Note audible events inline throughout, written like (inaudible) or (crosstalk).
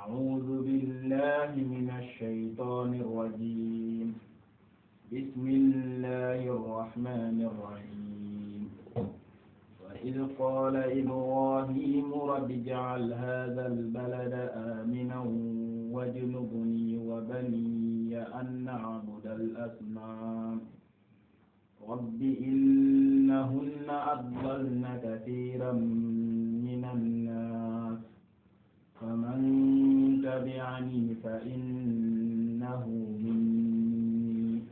أعوذ بالله من الشيطان الرجيم بسم الله الرحمن الرحيم وإذ قال إبراهيم رب اجعل هذا البلد آمنا واجنبني وبني أن نعبد الأصنام رب إنهن أضللن كثيرا فإنه مني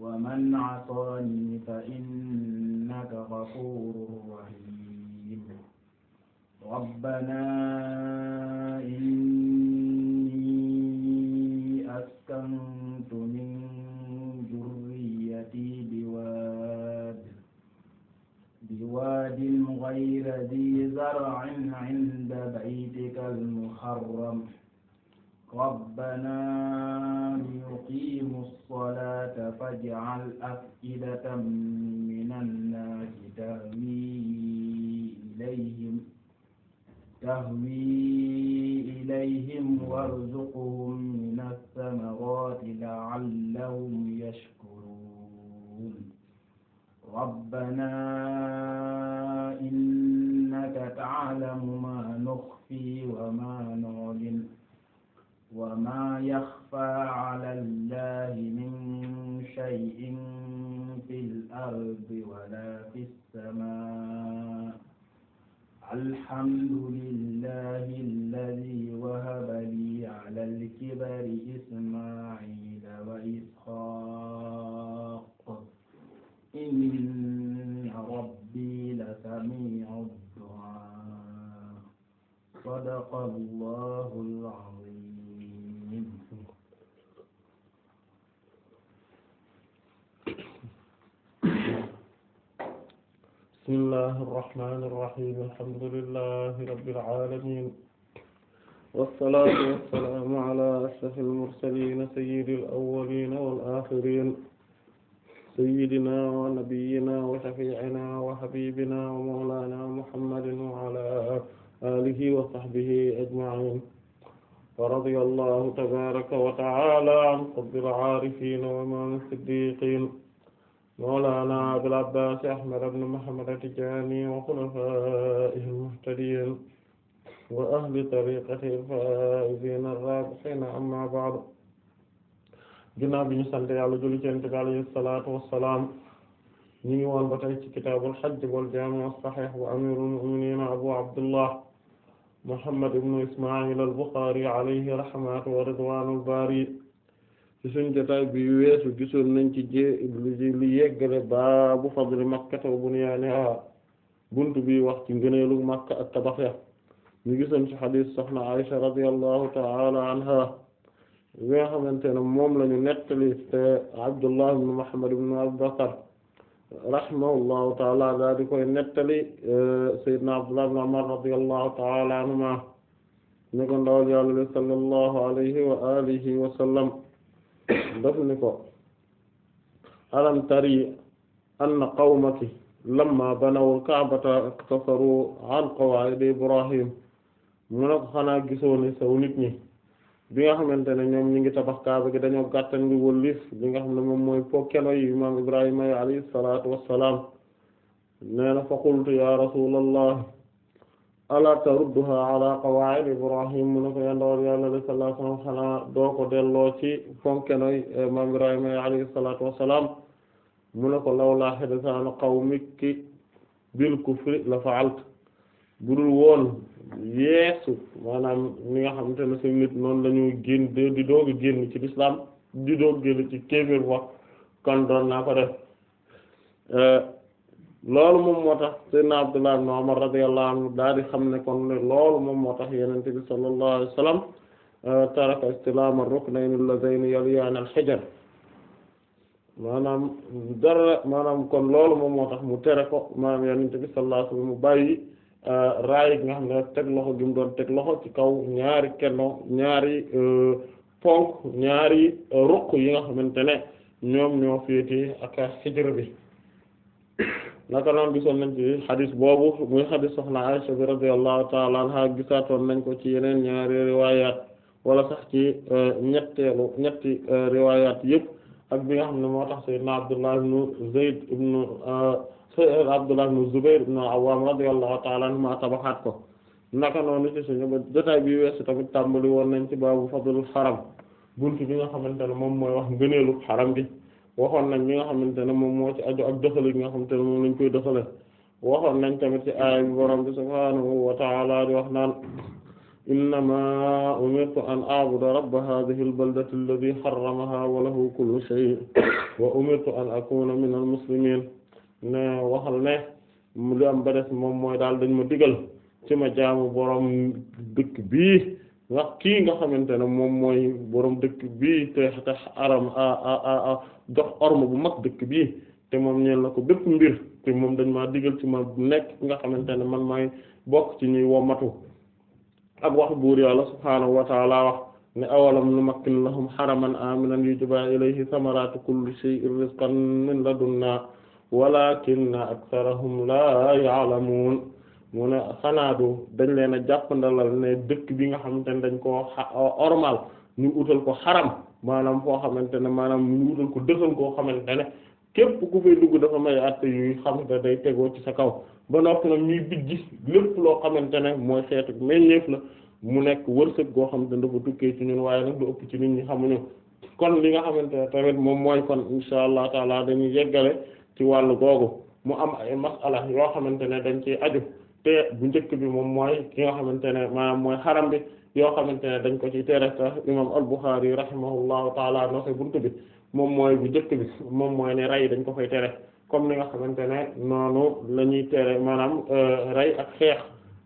ومن عصاني فإنك غفور رحيم ربنا إني أسكنت من ذريتي بواد بواد غير ذي زرع عند بيتك المحرم ربنا ليقيموا الصلاة فاجعل أفئدة من الناس تهوي إليهم تهوي إليهم وارزقهم من الثمرات لعلهم يشكرون ربنا إنك تعلم ما نخفي وما نعلن وما يخفى على الله من شيء في الأرض ولا في السماء الحمد لله الذي وهب لي على الكبر إسماعيل وإسحاق إن ربي لسميع الدعاء صدق الله العظيم bismillahi irrahmani irrahim alhamdulillahi rabbil alamin wassalatu wassalamu ala ashrafil mursalin sayyidil awwalin wal akhirin sayyidina wa nabiyyina wa shafi'ina wa habibina wa mawlana muhammadin wa ala alihi wa sahbihi ajma'in فرضي الله تبارك وتعالى عن قطب العارفين وإمام الصديقين مولانا أبي العباس أحمد بن محمد التجاني وخلفائه المهتدين وأهل طريقته الفائزين الرابحين أما بعد ginnaaw bi ñu sant yàlla julli ci Yonent bi alayhi salaatu wassalaam ñu ngi woon ba tey ci kitaabul hajj wal jaami' as-sahiih wa amiirul mu'miniin Abu Abdullah Muhammad ibn Isma'il al-Bukhari alayhi rahmatu wa ridwanul bari ci suñu jotaay bi weesu gisoon nañ ci jé li yeggale baabu fadli Makkata wa bunyaaniha buntu bi wax ci ngëneelu Makka ak tabax ya ñu gisoon ci xadiis soxna Aysa radiyallahu ta'ala anha bi nga xamante ne moom lañu nettali te Abdullah ibn Muhammad ibn Abubakar rahimahullahu taala daal di koy nettali euh, sayyidna Abdullah ibn Umar radiyallahu taala anhuma ni ko ndawal yàlla li sallallahu alayhi wa alihi wa sallam daf ni ko alam tari anna qawmaki lamma banawu alkaabata kafaru an qawaa'id Ibrahim mu ne ko xanaa gisoo ni saw nit ñi bi nga xamante ne ñoom ñi ngi tabax kaaba gi dañoo gàttan ngi wëllif li nga xam ne moom mooy pokkeno yi imaam ibrahima yi alayhi salaatu wassalaam nee na xanaa doo ko delloo ci pokkeno yi imaam ibrahima yi alayhi salaatu wassalaam mu ne ko lawlaa hidasaanu qawmiki bil kufri la fa'altu budul woon yeesu maanaam ñi nga xamante ne seen nit noonu la ñu génn di doog a génn ci lislaam di doog génn ci kéefir wax kon doon naa ko def euh, loolu moom moo tax sayyidina Abdullah ibn Umar radiyallahu anhu daal di xam ne kon loolu moom moo tax yenente bi sallallahu alayhi wa sallam euh, taraka istilaama ruknayn alladhayni yaliyaani al-hajar maanaam dara maanaam kon loolu moom moo tax mu tere ko maanaam yenente bi sallallahu alayhi wa mu bàyyi raay gi nga xam ne teg loxo gi doon teg loxo ci kaw ñaari keno ñaari euh, ponk ñaari euh, ruq yi nga xamante ne ñoom ñoo féete ak xijra bi (coughs) naka noonu gisoon nañ ci xadis boobu muy xadis soxna Aisha bi radiyallahu ta'ala anha gisaatoon nañ ko ci yeneen ñaari riwaayaat wala sax ci euh, ñetteelu ñetti riwaayaat yëpp ak bi nga xam ne moo tax sayyidna Abdullah ibn Zayd ibn euh, Abdullah ibn Zubayr ibn Awwam radiyallahu ta'ala anhuma tabaxaat ko naka noonu ci suñu ba jotaay bi wees tamit tàmbali woon nañ ci baabu fadlul xaram bunt bi nga xamante ne moom mooy wax ngëneelu xaram bi waxoon nañ li nga xamante ne moom moo ci aju ak doxali bi nga xamante ne moom lañ koy doxale waxoon nañ tamit ci aaya bi borom bi subhaanahu wa ta'ala wax naan innama umirtu an a'buda rabba hadhihi al-baldati alladhi harramaha wa lahu kullu shay' wa umirtu an akuna min al-muslimin ne waxal ne li am ba des moom mooy daal dañ ma digal ci ma jaamu borom dëkk bi wax kii nga xamante ne moom mooy borom dëkk bii te bu mag dëkk bii te moom ñeen la ko bépp mbir te moom dañ ma digal ci ma nekk nga xamante ne man maay bokk ci ñuy womatu ab waxu buur yàlla subhaanahu wa taala wax ne awalam numakkin lahum haraman aminan yujba ilayhi samaratu kulli shay'in rizqan min wala walakinna aktharahum la ya'lamun mu ne xanaadu dañ leen a jàppandalal ne dëkk bi nga xamante ne dañ koo ormal ñu utal ko xaram maanaam foo xamante ne maanaam ñu utal ko dëkkal koo xamante ne képp ku fay dugg dafa may àtte yuy xam te day tegoo ci sa kaw ba noppi nag ñuy bijji lépp loo xamante ne mooy xeetu meññeef la mu nekk wërsëg goo xam xamante ne bu tukkee ci ñun waaye nag du ëpp ci nit ñi xamuñu kon li nga xamante ne tamit moom mooy kon insha allah taala dañuy yeggale ci wàllu googu mu am ay masala yoo xamante ne dañ ciy aju te bu njëkk bi moom mooy ki nga xamante ne maanaam mooy xaram bi yoo xamante ne dañ ko ci tere tax imam al-Bukhari rahimahullahu taala noose buntu bi moom mooy bu njëkk bi moom mooy ne rey dañ ko fay tere comme ni nga xamante ne noonu la ñuy tere maanaam euh, rey ak xeex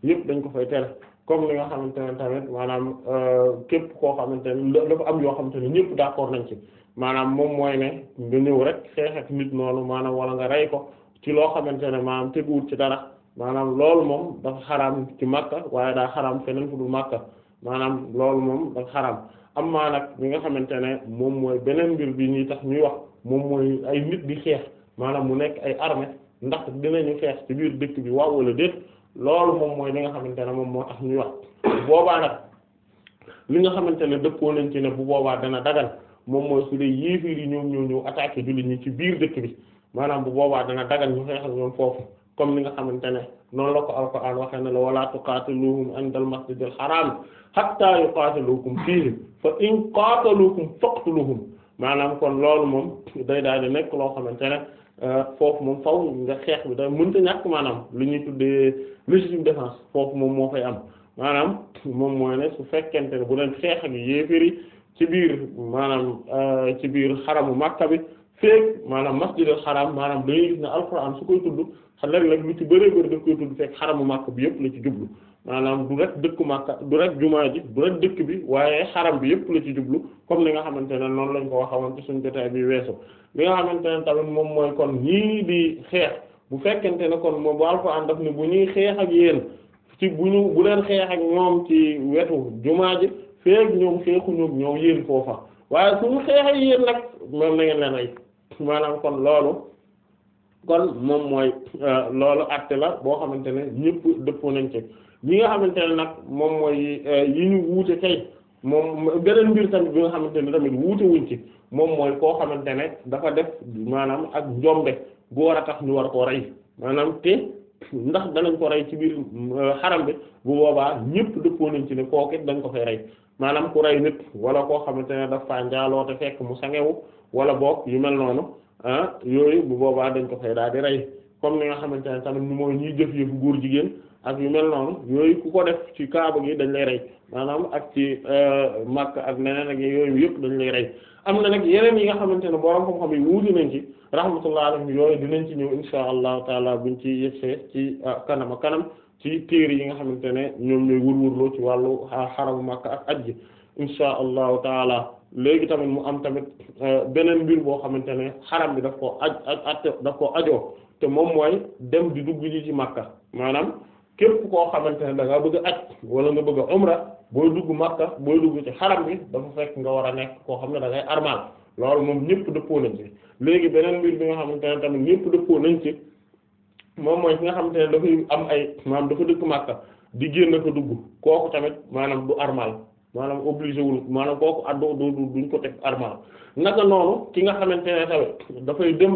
yëpp dañ ko fay tere comme ni nga xamante ne tamit maanaam euh, képp koo xamante ne dafa yoo xamante ne ñëpp d'accord nañ ci maanaam moom mooy ne rek xeex ak nit noonu maanaam wala nga rey ko ci loo xamante ne maanaam teguwul ci dara maanaam loolu moom dafa xaraam ci Makka waaye daa xaraam feneen fu dul Makka maanaam loolu moom dafa am maa nag li nga xamante ne moom mooy beneen mbir bi ñuy tax ñuy wax moom ay nit di xeex maanaam mu nekk ay armée ndax dinañu xeex ci biir dëkk bi waaw wala déet loolu moom mooy li nga xamante ne moom moo tax ñuy wax (coughs) boobaa nag li nga xamante ne dëppoo nañ ci bu boobaa dana dagal moom mooy su yi ñoom ñoo ñëw attaqué jullit ñi ci biir dëkk bi maanaam bu boobaa dana dagal ñu xeex ak ñoom foofu comme li nga xamante ne noonu la ko alquran waxee ne la wala tuqatiluhum indal masjidil haram hatta yuqatilukum fihi fa in qatalukum faqtuluhum maanaam kon loolu moom day daal di nekk loo xamante ne Euh, foofu moom faw nga xeex bi tamit mënta ñàkk maanaam lu ñuy tuddee légitime défense foofu moom moo fay am maanaam moom mooy ne su fekkente ne bu leen xeex ak yéeféri ci biir maanaam euh, ci biir xaramu Makka bi feeg maanaam masjidul xaram maanaam dañuy gis ne alxuraan su koy tudd ci bëri daf koy tudd xaramu màkk bi yëpp la ci jublu maanaam du rek dëkk màkka du rek jumaa ji du dëkk bi waaye xaram bi yëpp la ci jublu comme li nga xamante ne noonu lañ ko waxawoon ci suñu jotaay bi weesu li nga xamante ne tamit moom mooy kon ñii di xeex bu fekkente ne kon moom bu alxuraan daf ne bu ñuy xeex ak yéen ci bu ñu bu leen xeex ak ñoom ci wetu ji feeg ñoom xeexuñu ñoom yéen foofa waaye suñu xeex ak yéen nag moom na leen ay maanaam kon loolu kon moom mooy euh, loolu àtte la boo xamante ne ñëpp dëppoo nañ ci ñi nga xamante ne nag moom mooy euh, yi ñu wuute kay moom beneen mbir tamit bi nga xamante ne tamit wuute wuñ ci moom mooy koo xamante ne dafa def maanaam ak njombe war a tax ñu war koo rey maanaam te ndax danañ ko rey ci biir euh, xaram bi bu boobaa ñëpp dëppoo nañ ci ne kooku dañ ko fay rey maanaam ku rey nit wala koo xamante ne dafa njaaloo te fekk mu sangewu wala boog yu mel noonu ah yooyu bu boobaa dañ ko fay daal di rey comme ni nga xamante ne tamit mooy ñuy jëf yëfu góor jigéen ak yu mel noonu yooyu ku ko def ci kaaba gi dañ lay rey maanaam ak ci euh, Makka ak neneen ak yooyu yëpp dañ lay rey am na nag yeneen yi nga xamante ne borom xam-xam yi wuuti nañ ci rahmatullah alayhi yooyu dinañ ci ñëw insha allahu taala buñ ci yëgsee ci euh, kanam a kanam ci téere yi nga xamante ne ñoom ñooy wërwërloo ci wàllu ah, xaramu Makka ak ajj insha allahu taala léegi tamit mu am tamit euh, beneen mbir boo xamante ne xaram bi daf koo aj aj daf koo ajoo te moom mooy dem di dugg ci Makka maanaam képp koo xamante ne da ngaa bëgg a wala nga bëgg a umra booy dugg Makka booy dugg ci xaram bi dafa fekk nga war a nekk koo xam ne da ngay armal loolu moom ñëpp dëppoo nañ ci léegi beneen mbir bi nga xamante ne tamit ñëpp dëppoo nañ ci moom mooy ki nga xamante ne dafay am ay maanaam dafa dëkk Makka di génn ko dugg kooku tamit maanaam du armal maanaam obligé wul maanaam kooku addoo doo duñ ko teg armal naka noonu ki nga xamante ne tamit dafay dem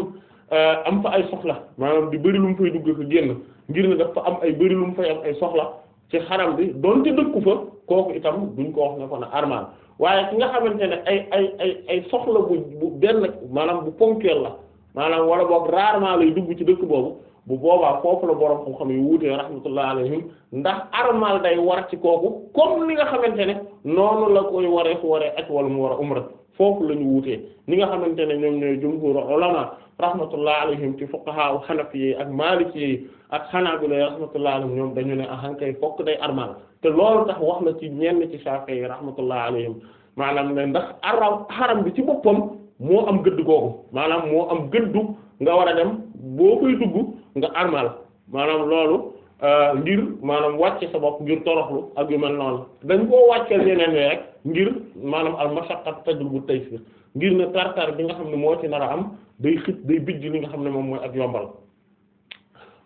euh, am fa ay soxla maanaam di bëri lu mu fay dugg ko génn ngir ne dafa am ay bëri lu mu fay am ay soxla ci xaram bi donte dëkku fa kooku itam duñ ko wax ne ko na armal waaye ki nga xamante ne ay ay ay ay soxla bu bu benn maanaam bu ponctuel la maanaam wala boog rarement lay dugg ci dëkk boobu bu boobaa foofu la borom xam-xam yi wuutee rahmatullah alayhim ndax armal day war ci kooku comme ni nga xamante ne noonu la koy waree fu waree aj wala mu war a umra foofu la ñu wutee ñi nga xamante ne ñoom ñooy jumhur ulama rahmatullah alayhim ci fuqaha xanafi yi ak maliki yi ak xanaabila rahmatullah alayhim ñoom dañu ne ahankay fokk day armal te loolu tax wax na ci ñenn ci Shafi'i yi rahmatullah alayhim maanaam ne ndax araw xaram bi ci boppam moo am gëdd googu maanaam moo am gëddu nga war a dem boo koy dugg nga armal maanaam loolu Euh, ngir maanaam wàcce sa bopp ngir toroxlu ak yu mel noonu dañ koo wàcceel yeneen yi rek ngir maanaam al mashaqqat tajlibu taysir ngir ne tartar bi nga xam ne moo ci nar am day xit day nga xam ne moom mooy ak yombal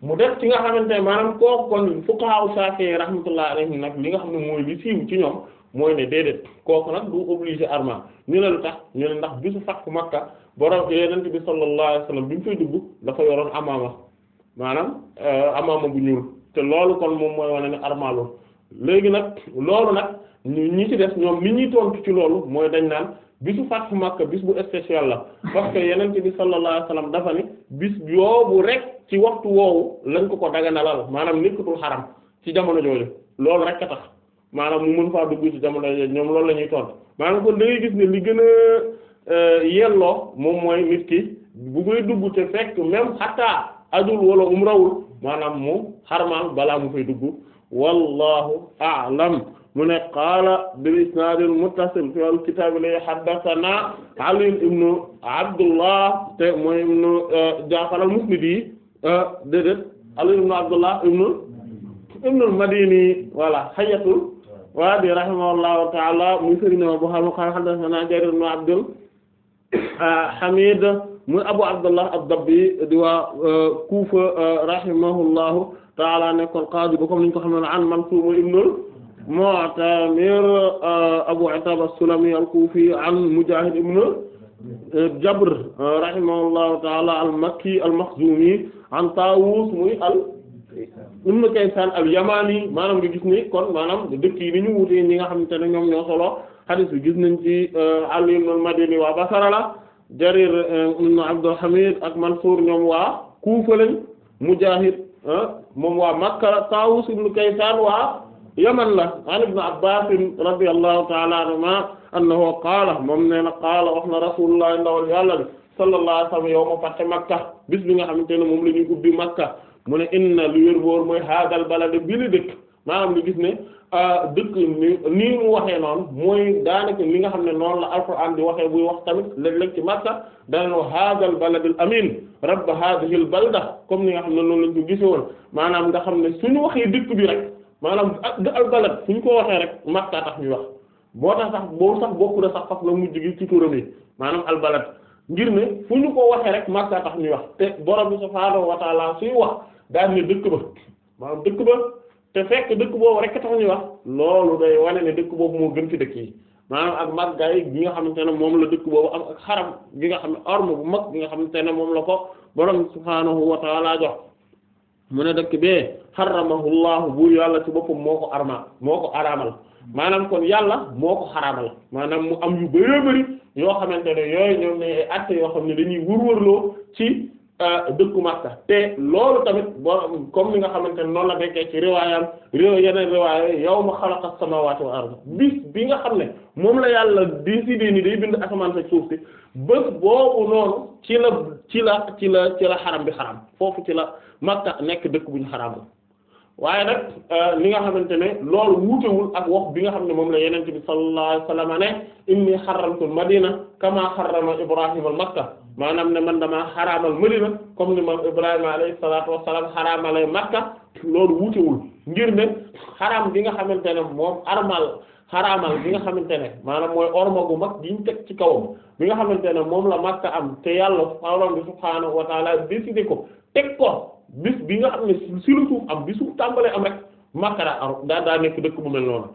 mu def ci nga xamante ne maanaam kooku kon fuqaha Shafi'i rahmatullahi alayhim nag li nga xam ne mooy li siiw ci ñoom mooy ne déedéet kooku nag du obligé arman ñu ne lu tax ñu ne ndax bisu fakk Makka borom Yonent bi sallallahu alayhi bi mu fay dugg dafa yoroon amaama maanaam euh, amaama te loolu kon moom mooy wane ne armaalul léegi nag loolu nag ñi ci des ñoom li ñuy tontu ci loolu mooy dañ naan bisu fàttu Makka bis bu spécial la parce que yeneen bi sallallahu alayhi wasallam dafa ni bis yoobu rek ci waxtu woowu lañ ko ko daganalal maanaam nekkatul xaram ci jamono jooju loolu rek a tax maanaam mu mën faa dugg ci jamono jooju ñoom loolu la ñuy tontu maanaam kon da ngay gis ne li gën a euh, yelloo moom mooy nit ki bu koy dugg te fekk même xataa ajul wala umrawul maanaam mu xarmaal balaa mu fay dugg wallahu a'lam mu ne qaala bil isnaadil muttasil fil kitaab li haddathana Ali ibn Abdullah te mooy ibn eh, Ja'far al-Musnadi eh, déedéet Ali ibn Abdullah ibn ibn al-Madini voilà hayatul waa bi rahimahullahu ta'ala muy sëriñ bu xam xam haddathana Jarir ibn Abdul eh, Hamid muy Abu Abdullah ad-Dabbi di waa euh, Kufa euh, rahimahullahu taala nekkoon qaadi ba comme niñ ko xam ne an Mansuur ibnul Mu'tamir euh, Abu Attab as-Sulami al-Kufi an Mujahid ibn Jabr rahimahullahu taala al-Makki al-Makhzumi an Tawus muy al ibn Kaysan al-Yamani maanaam nga gis ni kon maanaam dëkk yi ni ñu wutee ñi nga xamante ne ñoom ñoo solo hadith bi gis nañ ci Ali ibn al-Madini waa Basra la Jarir eh, ibn Abdul Hamid ak Mansuur ñoom waa Kuufa lañ Mujaahid eh, moom waa Makka la Taawus ibn Kaysaan waa Yaman la an ibn Abbaas radiyallahu ta'ala anhuma annahu qaala moom nee na qaala wax na Rasulullah ndawal Yàlla bi sallallahu alayhi wa sallam yawma fath Makka bis bi nga xamante ne moom la ñuy ubbi Makka mu ne inna lu wér boor mooy haadal balad bi li dëkk maanaam lu gis ne euh, dëkk nii mu waxee noonu mooy daanaka li nga xam ne noonu la alquran di waxee buy wax tamit léeg-léeg ci Makka danañ wax haazal baladil amin rabb haazihil balda comme ni nga xam ne noonu lañ ko gise woon maanaam nga xam ne suñu waxee dëkk bi rek maanaam al balad ñu ko waxee rek Makka tax ñu wax boo tax sax boo sax bokku na sax faf la mujj gi ci turam yi maanaam al balad ngir ne fu ñu ko waxee rek Makka tax ñu wax te borom bi subhaanahu wa ta'ala suy wax daan dëkk ba maanaam dëkk ba te fekk dëkk boobu rek tax ñu wax loolu day wane ne dëkk boobu moo gën ci dëkk yi maanaam ak màggaay gi nga xamante ne moom la dëkk boobu am ak xaram gi xam ne orme bu mag gi nga xamante ne moom la ko borom subhaanahu wa ta'ala jox mu ne dëkk bee xaramahu laahu buur yàlla ci boppam moo ko arma moo ko araamal maanaam kon yàlla moo ko xaraamal maanaam mu am yu bari bari yoo xamante ne yooyu ñoom ne ay yoo xam ne dañuy wërwërloo ci Euh, dëkku Makka te loolu tamit boo comme ni nga xamante ne noonu la nekkee ci riwaayam réew yeneen riwaaya yawma xalaqa samaawaati wal ard bis bi nga xam ne moom la yàlla décidé ni day bind asamaan sa suuf si bés boobu noonu ci la ci la ci la ci la xaram bi xaram foofu ci la Makka nekk dëkk bu ñu waaye nag euh, li nga xamante ne loolu wuutewul ak wax bi nga xam ne moom la yonent bi sallallahu alayhi wa sallam ne inni xaramtul madina kama xarama ibrahima al makka maanaam ne man damaa xaraamal madina comme ni moom ibrahima alayhi salatu wassalam xaraamale makka loolu wuutewul ngir ne bi nga xamante ne moom armal xaraamal bi nga xamante ne maanaam mooy orma gu mag diñ teg ci kawam bi nga xamante ne moom la makka am te yàlla borom bi subhaanahu wa taala décidé ko teg ko bis bi nga xam ne si lu suuf am bi suuf tàmbalee am rek Makka daa am daa daa nekk dëkk bu mel noonu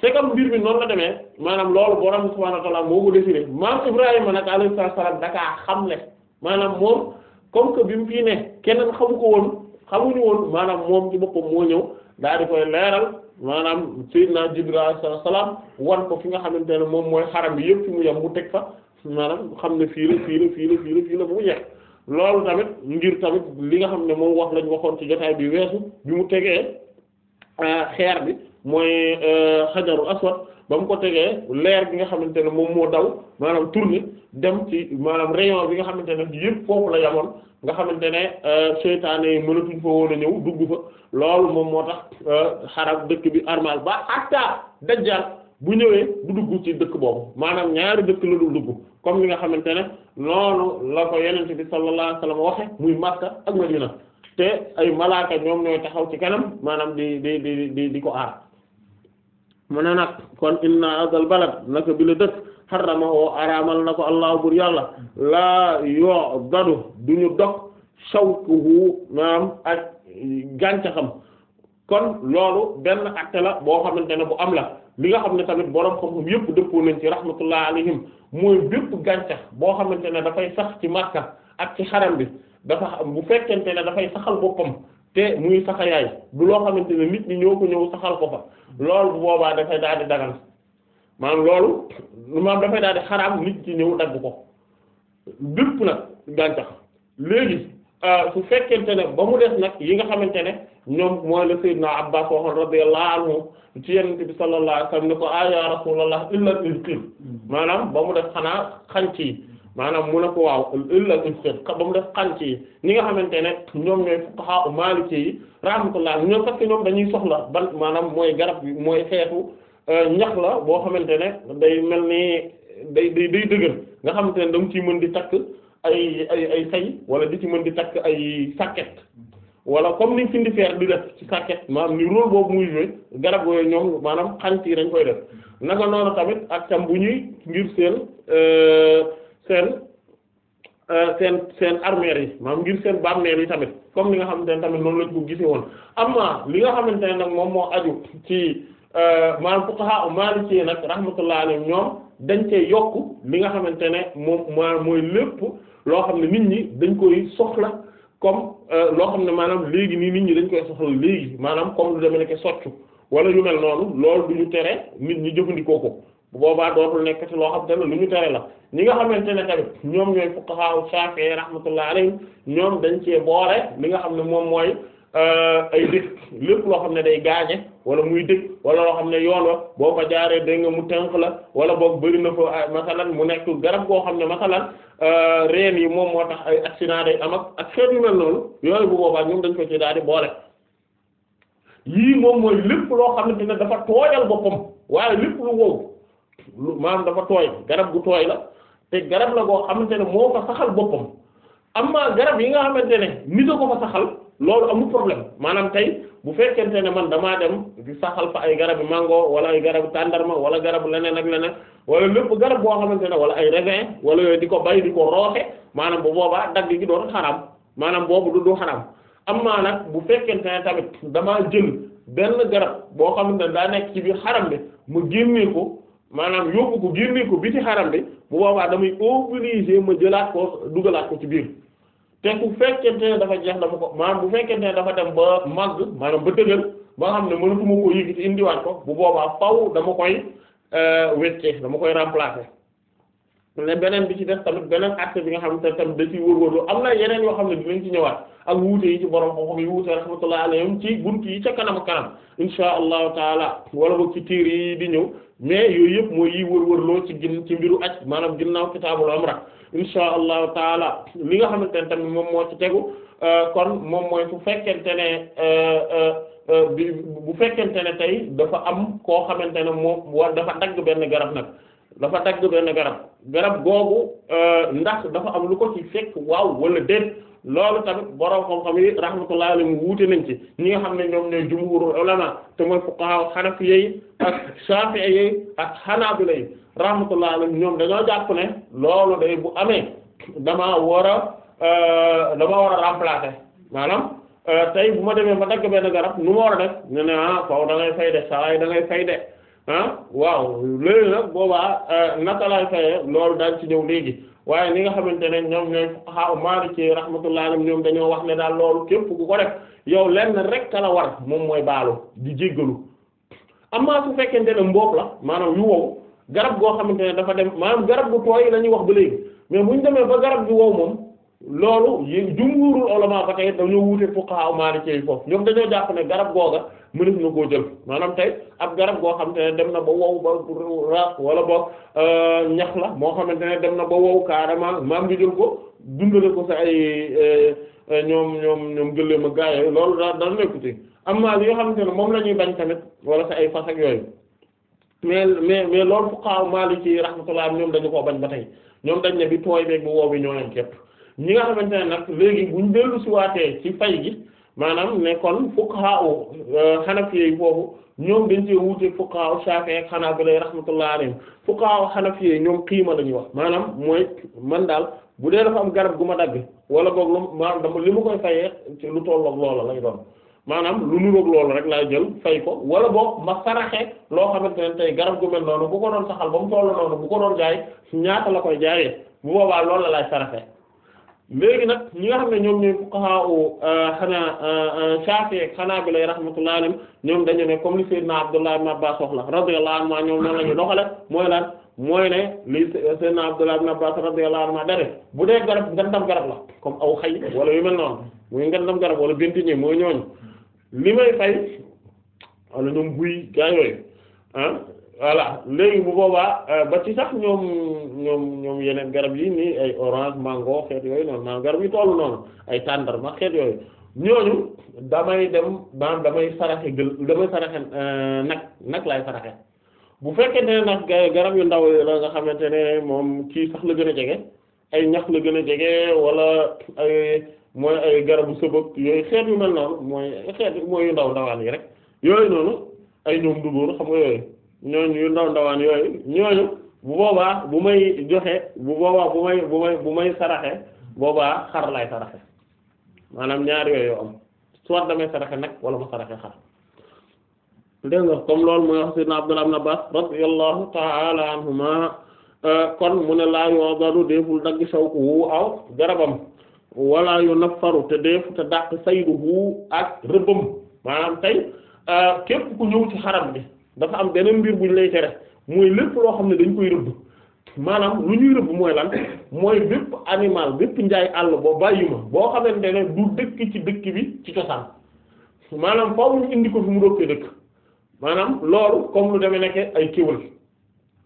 segam mbir mi noonu la demee maanaam loolu borom subhaanahu wa ta'aala moo ko décidé maam Ibrahima nag alayhi salaam dakaa xamle maanaam moom comme bi mu fii ne keneen ko woon xamuñu woon maanaam moom ci boppam moo ñëw daal di koy maanaam Seydina Jibril alayhi salaam wan ko fi nga xamante ne moom mooy xaram bi yëpp fi mu fa maanaam xam ne fii la fii la fii la fii bu mu jeex loolu tamit ngir tamit li nga xam ne moom wax lañ waxoon ci jotaay bi weesu bi mu tegee euh, xeer bi mooy xajaru euh, aswad ba mu ko tegee leer bi nga xamante ne moom moo daw maanaam tourner dem ci maanaam rayon bi nga xamante ne yëpp foofu la yamoon nga xamante ne euh, seytaane yi mënatuñ fa woon a ñëw dugg fa loolu moom moo tax xarab dëkk bi armal ba hatta dajjal bu ñëwee du dugg ci dëkk boobu maanaam ñaari dëkk la dul dugg comme li nga xamante ne noonu la ko yenente bi sallallahu alayhi wasallam waxe muy Makka ak Madina te ay malaaka ñoom ñooy taxaw ci kanam maanaam di di di di di ko aar mu ne nag kon inna azal balad naka bi la dëkk xaramahu araamal na ko allah bur yàlla laa yoo dadu du ñu dog shawkuhu maanaam ak gàncaxam kon loolu benn acte la boo xamante ne bu am la li nga xam ne tamit boroom xam-xam yëpp dëppoo nañ ci rahmatullah alayhim mooy bépp gàncax boo xamante ne dafay sax ci Makka ak ci xaram bi dafa xam bu fekkente ne dafay saxal boppam te muy saxayaay du loo xamante ne nit ñi ñoo ko ñëw saxal ko fa loolu bu boobaa dafay daal di dagal maanaam loolu maanaam dafay daal di xaraam nit ci ñëw dagg ko bépp nag gàncax léegi euh, su fekkente ne ba mu des nag yi nga xamante ne ñoom mooy la Seydina Abbas waxoon radiyallahu anhu ci Yonent bi sallallahu alayhi wasallam ne ko ah ya Rasulullah illal izkir maanaam ba mu def xanaa xànc yi maanaam mu ne ko waaw illal izkir ba mu def xànc yi ñi nga xamante ne ñoom ñooy fuqaha maliki yi rahmatullah ñoom parce que ñoom dañuy soxla ban maanaam mooy garab bi mooy xeetu euh, ñax la boo xamante ne day mel ni day day day dëgër nga xamante ne da nga ciy mën di takk ay ay say wala di ci mën di takk ay sàkket wala comme niñ sindi feer di def ci sàkket maanaam ni rôle boobu muy joué garab yooyu ñoom maanaam xant yi dañ koy def naka noonu tamit ak tam bu ñuy ngir seen euh, euh, seen seen seen armères yi maanaam ngir seen bàmmeel yi tamit comme li nga xamante ne tamit noonu lañ ko gisee woon amma li nga xamante ne nag moom moo aju ci euh, maanaam fuqaha maliki nag rahmatullah alayhim ñoom dañ cee yokk li nga xamante ne moom mooy lépp loo xam ne nit ñi dañ koy soxla comme euh, loo xam ne maanaam léegi nii nit ñi dañ koy soxla léegi maanaam comme lu demee nekk soccu wala yu mel noonu lool du ñu tere nit ñi jëfandikoo ko bu boobaa dootul nekkati loo xam te ne lu ñu tere la ñi nga xamante ne ne tamit ñoom ñooy fuqaha Shafi'i rahmatullah alayhim ñoom dañ cee boore li nga xam ne moom mooy. Euh, ay dëkk lépp loo xam ne day gaañe wala muy dëkk wala loo xam ne yoon wa boo fa jaaree da nga mu tënk la wala boog bëri na fa ah, masalan mu nekk garab goo xam ne masalan euh, reen yi moom moo tax ay accident day am ak xeet yu bu dañ ko ci daal di boole yii moom mooy lépp loo xam ne dafa tooyal boppam waaye lépp lu wow lu maanaam dafa tooy garab gu tooy la te garab la goo xamante ne moo fa saxal boppam amma garab yi nga xamante ne nit a ko fa saxal loolu amul problème maanaam tey bu fekkente ne man damaa dem di saxal fa ay garabu mango wala ay garabu tàndarma wala garabu leneen ak leneen wala lépp garab boo xamante ne wala ay raisin wala yooyu di di ko roote maanaam bu boobaa dagg gi doon xaraam maanaam boobu du du xaraam amma nag bu fekkente ne damaa jël benn garab boo xamante ne daa nekk ci biir xaram bi ma génnee ko maanaam yóbbu ko ko bi ci xaram bi bu boobaa damay obligé ma jëlaat ko dugalaat ko ci biir. te ku fekkente ne dafa jeex dama ko maanaam bu fekkente ne dafa dem ba màgg maanaam ba dëgër ba xam ne mënatuma koo yëkkati indiwaat ko bu boobaa faw dama koy euh, wecce dama koy remplacer mais beneen bi ci def tamit beneen acte bi nga xam ne tamit da ciy wër-wër am na yeneen yoo xam ne dinañ ci ñëwaat ak wuute yi ci borom xam-xam yi wuute rahmatullah alayhim ci bunt yi ca kanam ak kanam insha allahu taala wala boog ci tiir yi di ñëw mais yooyu yëpp mooy yi wër loo ci gin ci mbiru aj maanaam ginnaaw kitaabul insha allahu taala li nga xamante ne tamit moom moo ci tegu euh, kon moom mooy fu fekkente ne euh, euh, bu fekkente ne tey dafa am koo xamante ne moom war dafa dagg benn garab nag dafa dagg benn garab garab googu ndax dafa am lu ko ci fekk waaw wala déet loolu tamit borom xam-xam yi rahmatullahi alayhim wuute nañ ci ñi nga xam ne ñoom ñooy jumhurul ulama te mooy fuqaha xanafi yi ak shafi'i yi ak xanaabila yi rahmatullahi alayhi ñoom dañoo jàpp ne loolu day bu amee damaa war a euh, dama war a remplacer maanaam euh, tey bu ma demee ma dagg benn garab nu ma war a def ne ne ah faw da fay de saa da ngay fay de ah waaw léegi nag boobaa euh, naka laay fayee loolu daal ci ñëw léegi waaye ni nga xamante ne ñoom ñooy xaaw Maalik ci rahmatullahi ñoom dañoo wax ne daal loolu képp ku ko def yow lenn rek ka la war moom mooy baalu di jéggalu amaa su fekkente ne mboob la maanaam yu garab goo xamante ne dafa dem maanaam garab gu tooy la ñuy wax ba léegi mais bu ñu demee ba garab gi wow moom loolu yi jumhuurul ulama ba tey dañoo wuute fuqaha maalikee foofu ñoom dañoo jàpp ne garab googa mënees na koo jël maanaam tey ab garab goo xamante ne dem na ba wow ba raas wala boog euh, ñax la moo xamante ne dem na ba wow carrément maam ngi jël ko dundale ko sa ay euh, ñoom ñoom ñoom gëléem a gaay loolu daal dana nekk ci am na li nga xamante ne moom la ñuy bañ tamit wala ay fas ak yooyu. mais mais mais loolu fuqahaa Maaliki rahmatullah ñoom dañu koo bañ ba tey ñoom dañ ne bi tooy beeg bu woow bi ñoo yem képp ñi nga xamante ne nag léegi buñ dellu si waatee ci fay gi maanaam ne kon fuqahaa euh, Hanafi yi foofu ñoom dañ cee wuute fuqahaa Shaafi'i ak Hanaabila rahmatullah alayhim fuqahaa Hanafi yi ñoom xiima la ñuy wax maanaam mooy man daal bu dee dafa am garab gu ma dagg wala boog lu ma dama li ma koy fayee lu tolloog loola lay doon maanaam lu nuroog loolu rek laay jël fay ko wala boog ma saraxe loo xamante ne tey garab gu mel noonu bu ko doon saxal ba mu toll noonu bu ko doon jaay ñaata la koy jaayee bu boobaa lool la laay saraxe léegi nag ñi nga xam ne ñoom ñooy fuqahaa euh, xanaa euh, euh, Shaafi ak Hanaabila rahmatullahi alayhim ñoom dañu ne comme li Seydina Abdullah ibn Abbaas wax la radiyallahu anhumaa ñoom noonu la ñu doxale mooy lan mooy ne li Seydina Abdullah ibn Abbaas radiyallahu anhumaa dare bu dee garab ngandam garab la comme aw xay wala yu mel noonu muy ngandam garab wala binti ñi mooy li may fay wala ñoom buy gaa yooyu ah voilà léegi bu boobaa euh, ba ci sax ñoom ñoom ñoom yeneen garab yi nii ay orange mango xeet yooyu noonu maanaam garab yi tollu noonu ay tàndarma xeet yooyu ñooñu damay dem maanaam damay saraxe gël damay saraxe euh, nag nag laay saraxe bu fekkee ne nag garab yu ndaw la nga xamante ne moom kii sax la gën a jege ay ñax la gën a jege walla ay mooy ay garabu sëbëb yooyu xeet yu mel noonu mooy xeet mooy yu ndaw ndawaan yi rek yooyu noonu ay ñoom dugóor xam nga yooyu ñooñu yu ndaw ndawaan yooyu ñooñu bu boobaa bu may joxe bu boobaa bu may bu may bu may saraxe boobaa xar lay saraxe maanaam ñaar yooyu yoo am soit damay saraxe nag wala ma saraxe xar dégg nga comme loolu mooy wax sayyidna Abdullah ibn Abbas radiyallahu ta'ala anhuma euh, kon mu ne laa yoo dadu deful dagg saw ko wu aw garabam wala yu naffaru te def te dàq sayduhu ak rëbbam maanaam tey euh, képp ku ñëw ci xaram bi dafa am beneen mbir buñ lay tere mooy lépp loo xam ne dañ koy rëbb maanaam lu ñuy rëbb mooy lan mooy bépp animal bépp njaay àll boo bàyyi ma boo xamante ne du dëkk ci dëkk bi ci cosaan maanaam foofu ñu indi ko fi mu doog koy dëkk maanaam loolu comme lu demee nekke ay kéwal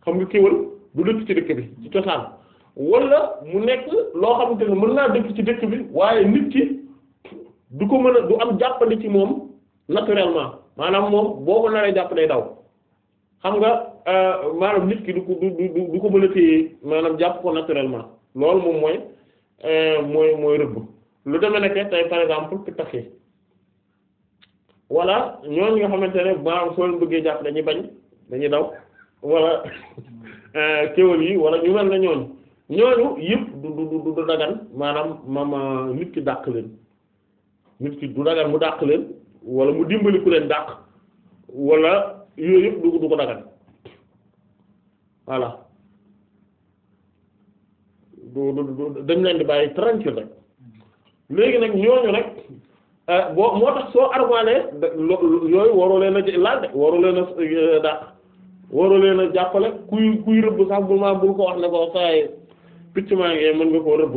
xam nga kéwal du dëkk ci dëkk bi ci cosaan wala mu nekk loo xamante ne mën naa dëkk ci dëkk bi waaye nit ki du ko mën a am jàppandi ci moom naturellement maanaam moom boo ko naree daw xam nga euh, maanaam nit ki du ko du du du ko mën a téye maanaam jàpp ko naturellement loolu moom mooy euh, mooy mooy rëbb lu demee nekk tey par exemple pittax yi wala ñooñu nga xamante ne maanaam soo leen bëggee jàpp dañuy bañ dañuy daw wala (laughs) euh, kéwél yi wala ñu mel na ñooñu. ñooñu yëpp du du du dagan maanaam maam euh, nit ki dàq leen nit ki du dagan mu dàq leen wala mu dimbali leen dàq wala yooyu yëpp du du dañ leen di bàyyi tranquille nag ñooñu euh, boo soo armalee yooyu waroo leen a laal de waroo a euh, dàq waroo leen a jàppale kuy kuy rëbb sax bu ma bul ko wax ne ko saa picc maa ngi mën nga koo rëbb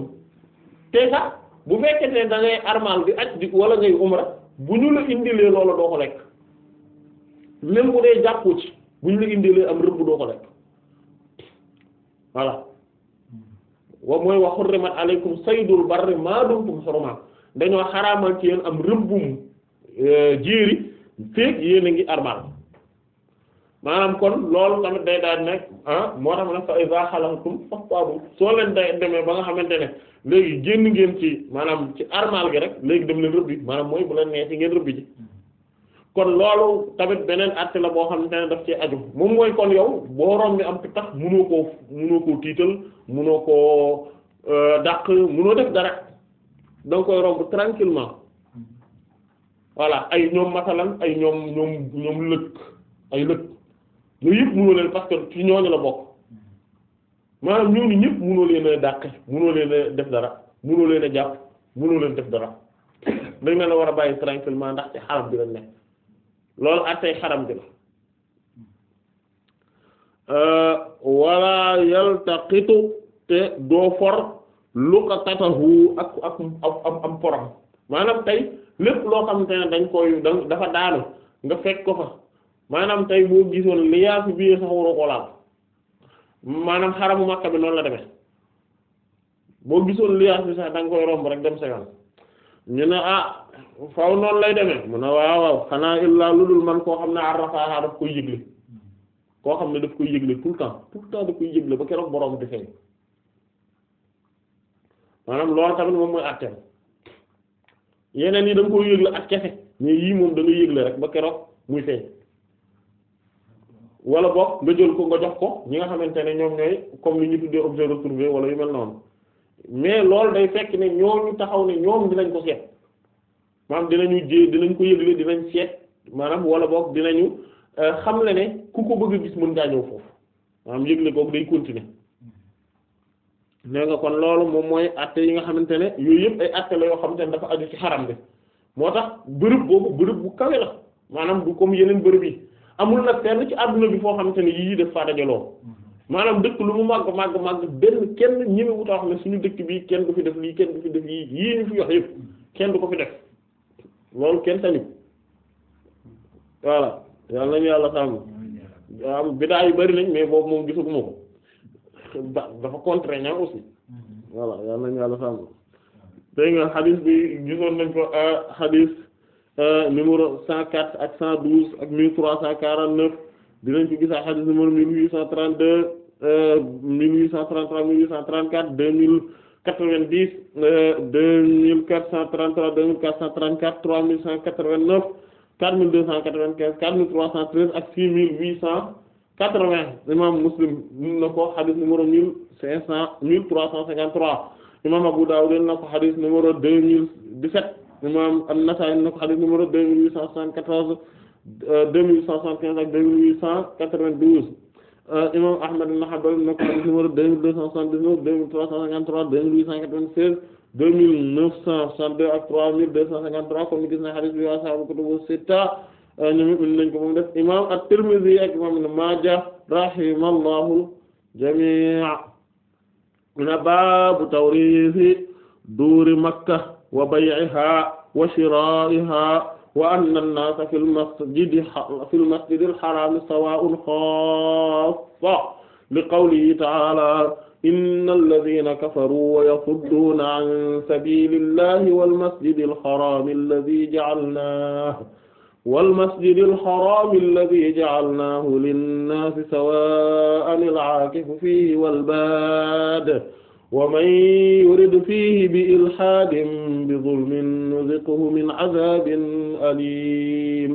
te sax bu fekkee ne da ngay di aj di wala ngay umra bu ñu la indilee loola doo ko lekk même bu dee jàppoo ci bu ñu la indilee am rëbb doo ko lekk voilà wa mooy wa hurrimat alaykum saydul barri ma dumtum hurma dañoo xaraamal ci yéen am rëbbum euh, jéeri feek yéen a ngi armal maanaam kon loolu tamit day daal nekk ah moo tax ma ne fa iza xalaqtum fastabum soo leen day demee ba nga xamante ne léegi génn ngeen ci maanaam ci armaal gi rek léegi dem leen rëbbi maanaam mooy bu leen nee ci ngeen rëbbi ji kon loolu tamit beneen àtte la boo xam ne daf ci aju moom mooy kon yow boo rombi am tax mënoo ko mënoo koo tiital mënoo koo euh, dàq mënoo def dara danga koy romb tranquillement voilà ay ñoom masalan ay ñoom ñoom ñoom lëkk ay lëkk yooyu parce que ci ñooñu la bokk maanaam ñooñu dàq mënoo leen def dara mënoo leen a jàpp def dara dañ leen a war a bàyyi tranquillement ndax ci xaram bi lañ loolu attey xaram bi la euh, wala yaltaqitu te doo for luqatatahu ak ak am am poram maanaam tey lépp loo xamante ne dañ koy dafa daanu nga fekk ko fa maanaam tey boo gisoon li yaa fi biir sax waru ko laal maanaam xaramu Makka bi noonu la demee boo gisoon li yaa sax da nga koy romb rek dem segal ñu ne ah faw noonu lay demee mu ne waaw waaw xanaa illaa lu dul man koo xam ne arrafaaha daf koy yëgle koo xam ne daf koy yëgle tout le temps tout temps daf koy yëgle ba keroog boroom di feeñ maanaam loolu tamit moom mooy àtteem yeneen yi da nga koy yëgle ak kese mais yii moom da yëgle rek ba keroog muy wala boog nga jël ko nga jox ko ñi nga xamante ne ñoom ñooy comme li ñu tuddee objet retrouvé wala yu mel noonu mais loolu day fekk ne ñooñu taxaw ne ñoom dinañ ko seet maanaam dinañu jé dinañ ko dinañ seet maanaam wala boog dinañu euh, xam le ne ku ko bëgg a gis mën ngaa ñëw foofu maanaam yëgle googu day continuer nee nga kon loolu moom mooy atte yi nga xamante ne yooyu yëpp ay atte la yoo xamante ne dafa aju ci xaram bi moo tax bërëb boobu bërëb bu kawe la maanaam du comme yeneen bërëb yi amul nag fenn ci àdduna bi foo xamante ne yii def faa dajaloo mm-hmm. maanaam dëkk lu mu màgg màgg màgg benn kenn ñeme wuta wax ne suñu dëkk bi kenn du fi def lii kenn du fi def yii yii ñu fi wax yëpp mm-hmm. kenn du ko fi def loolu kenn tamit voilà yàlla nañu yàlla mm-hmm. yu bari nañ mais boobu moom gisaguma ko (laughs) dafa contraignant aussi voilà yàlla nañu yàlla sàmm dégg xadiis bi gisoon nañ ko xadiis euh, Euh, numéro 104 ak 112 ak 1349 dinañ ko gis hadith numéro 1832 1833 1834 2090 2433 2434 3189 4295 4313 ak 6880 imam Muslim na ko hadith numéro 1500 1353 imam Abu Dawud na ko hadith numéro 2017 imam An-Nasa'i na ko xadis deux mille huit cent soixante euh, deux mille cent quinze ak deux mille huit cent quatre douze euh, imam Ahmad ibn Hanbal na ko xadis numéro deux mille deux cent soixante deux mille trois cent cinquante-trois deux mille huit cent quatre-vingt-seize deux mille neuf cent soixante-deux ak trois mille deux cent cinquante-trois comme ni gis na xadis bi waa sahaabu kutubu sitta euh, imam at imam Ibn Maaja rahimallahu jami'a na wa bay'iha wa shira'iha wa anna an-naasa fil masjidi fil masjidil haraami sawaa'un xaassa li qawlihi ta'aalaa innal laziina kafaruu wa yasudduuna an sabiilillaahi wal masjidil haraami allazii ja'alnaahu wal masjidil haraami allazii ja'alnaahu lin-naasi sawaa'anil aakifu fiihi wal baad wa man yurid fiihi bi ilhaadin bi zulmin nudhiqhu min adhabin alim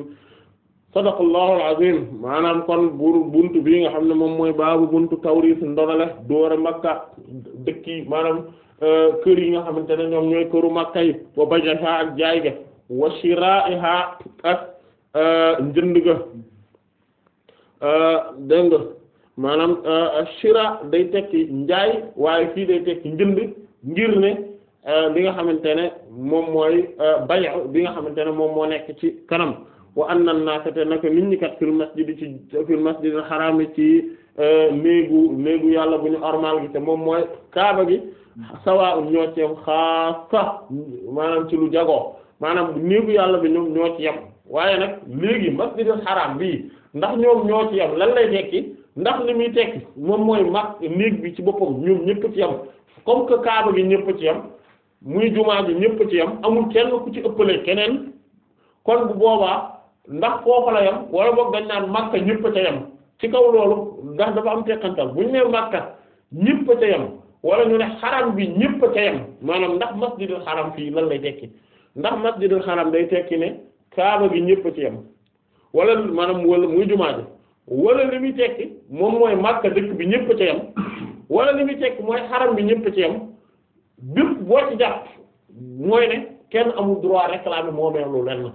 sadaqallahu alazim maanaam kon bur buntu bi nga xam ne moom mooy baabu buntu tawris ndonale doore makka dëkk yi maanaam euh, kër yi nga xamante ne ñoom ñooy këru makka yi wa bajaha ak jaay ga wa shiraiha ak euh, njënd ga euh, dégg nga maanaam euh, euh, shira day tekki njaay waaye fii day tekki njënd ngir ne bi euh, nga xamante ne moom mooy bay' bi nga xamante ne moom moo nekk ci kanam wa na naasa te naka nit ñi kat fil masjid ci fil masjidil haram ci néegu néegu yàlla bu ñu ormal moom mooy kaaba gi sawa um ñoo ci yem xaasa maanaam ci lu jagoo maanaam néegu yàlla bi ñoom ñoo ci waaye nag léegi masjidil haram bii ndax ñoom ñoo ci yem lay tekki ndax li muy tekki moom mooy mag néeg bi ci boppam ñoom ñëpp ci yam comme que kaaba gi ñëpp ci yam muy jumaa gi ñëpp ci yam amul kenn ku ci ëppale keneen kon bu boobaa ndax foofa la yam wala boog dañ naan makka ñëpp ca yam ci kaw loolu ndax dafa am tekkantal bu ñu nee makka ñëpp ca yam wala ñu ne xaram bi ñëpp ca yam maanaam ndax masjidul xaram fii lan lay tekki ndax masjidul xaram day tekki ne kaaba gi ñëpp ci yam wala maanaam wala muy jumaa ji wala li muy tekki moom mooy Makka dëkk bi ñëpp a ca yam wala li muy tekki mooy xaram bi ñëpp a ca yam bépp boo ci jàpp mooy ne kenn amul droit réclamer moomeelu lenn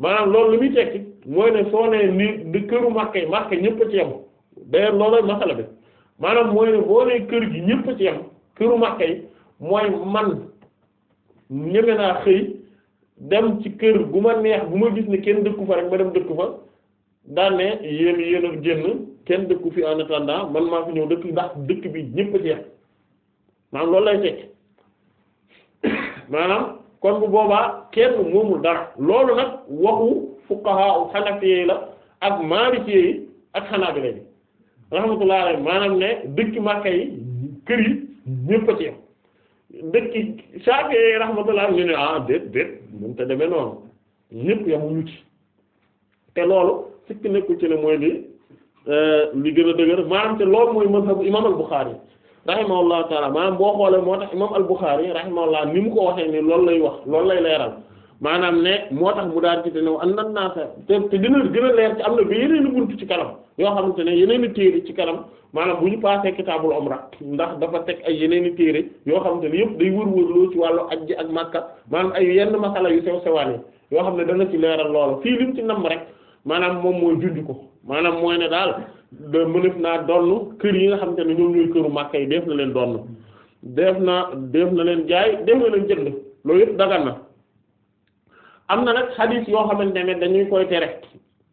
maanaam loolu li muy tekki mooy ne soo nee ni këru Makka yi Makka ñëpp a ci yam d'ailleurs loolooy masala bi maanaam mooy ne boo nee kër gi ñëpp a ci yam këru Makka yi mooy man ñeme naa xëy dem ci kër gu ma neex bu ma gis ne kenn dëkku fa rek ma dem dëkku fa daan ne yéen yéen a génn kenn dëkku fi en attendant man maa fi ñëw dëkk ndax dëkk bi ñëpp a jeex maanaam loolu lay tekki (coughs) maanaam kon bu boobaa kenn moomul dara loolu nag waxu fuqaha u xanafiyee la ak maalikiyee yi ak xanaabila yi rahmatullahi alayhi maanaam ne dëkki Makka yi kër yi ñëpp ci yam dëkki Shafi'i rahmatullahi ñu ne ah déet déet mënu te demee noonu ñëpp yamu ñu ci te loolu sikk nekkul ci ne mooy li euh, li gën a dëgër maanaam te lool mooy bu imam al-Bukhari rahimahullahu taala maanaam boo xoolee moo tax imam al-Bukhari rahimahullah ni mu ko waxee ni loolu lay wax loolu lay leeral maanaam ne moo tax mu daal ci te new an nan naata te te dina leer ci am na ba yeneen bunt ci kanam yoo xamante ne yeneen i téere ci kanam maanaam bu ñu paasee kitaabul omra ndax dafa teg ay yeneen i téere yoo xam ne yëpp day wër-wër loo ci wàllu ajji ak màkka maanaam ay yenn masala yu sew sewaan yi yoo xam ne dana ci leeral loolu fii lim ci namm rek maanaam moom mooy junj ko maanaam mooy ne daal de mënef naa donn kër yi nga xam te ne ñoom ñooy këru Makka yi def na leen donn def na def na leen jaay def na leen jënd loolu yëpp dagan na am na nag xadiis yoo xamante ne dañuy koy tere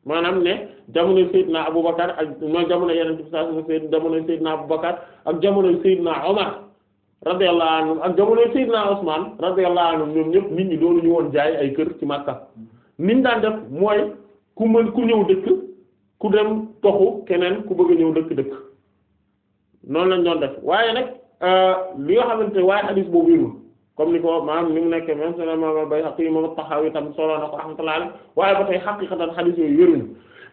maanaam ne jamonoy Seydina Aboubacar ak mooy jamono yeneen ci saa su Seydina jamonoy Seydina Aboubacar ak jamonoy Seydina Omar radiyallahu anhum ak jamono Seydina Ousmane radiyallahu anhum ñoom ñëpp nit ñi doonu ñu woon jaay ay kër ci Makka niñ daan def mooy. ku mën ku ñëw dëkk ku dem toxu keneen ku bëgg a ñëw dëkk dëkk noonu lañ doon def waaye nag euh, li nga xamante waaye hadis boobu wérul comme ni ko maanaam ni mu nekk même sena taxaw itam soloo na ko axmatulaale waaye ba tey xaqiqatan hadis yooyu wéruñu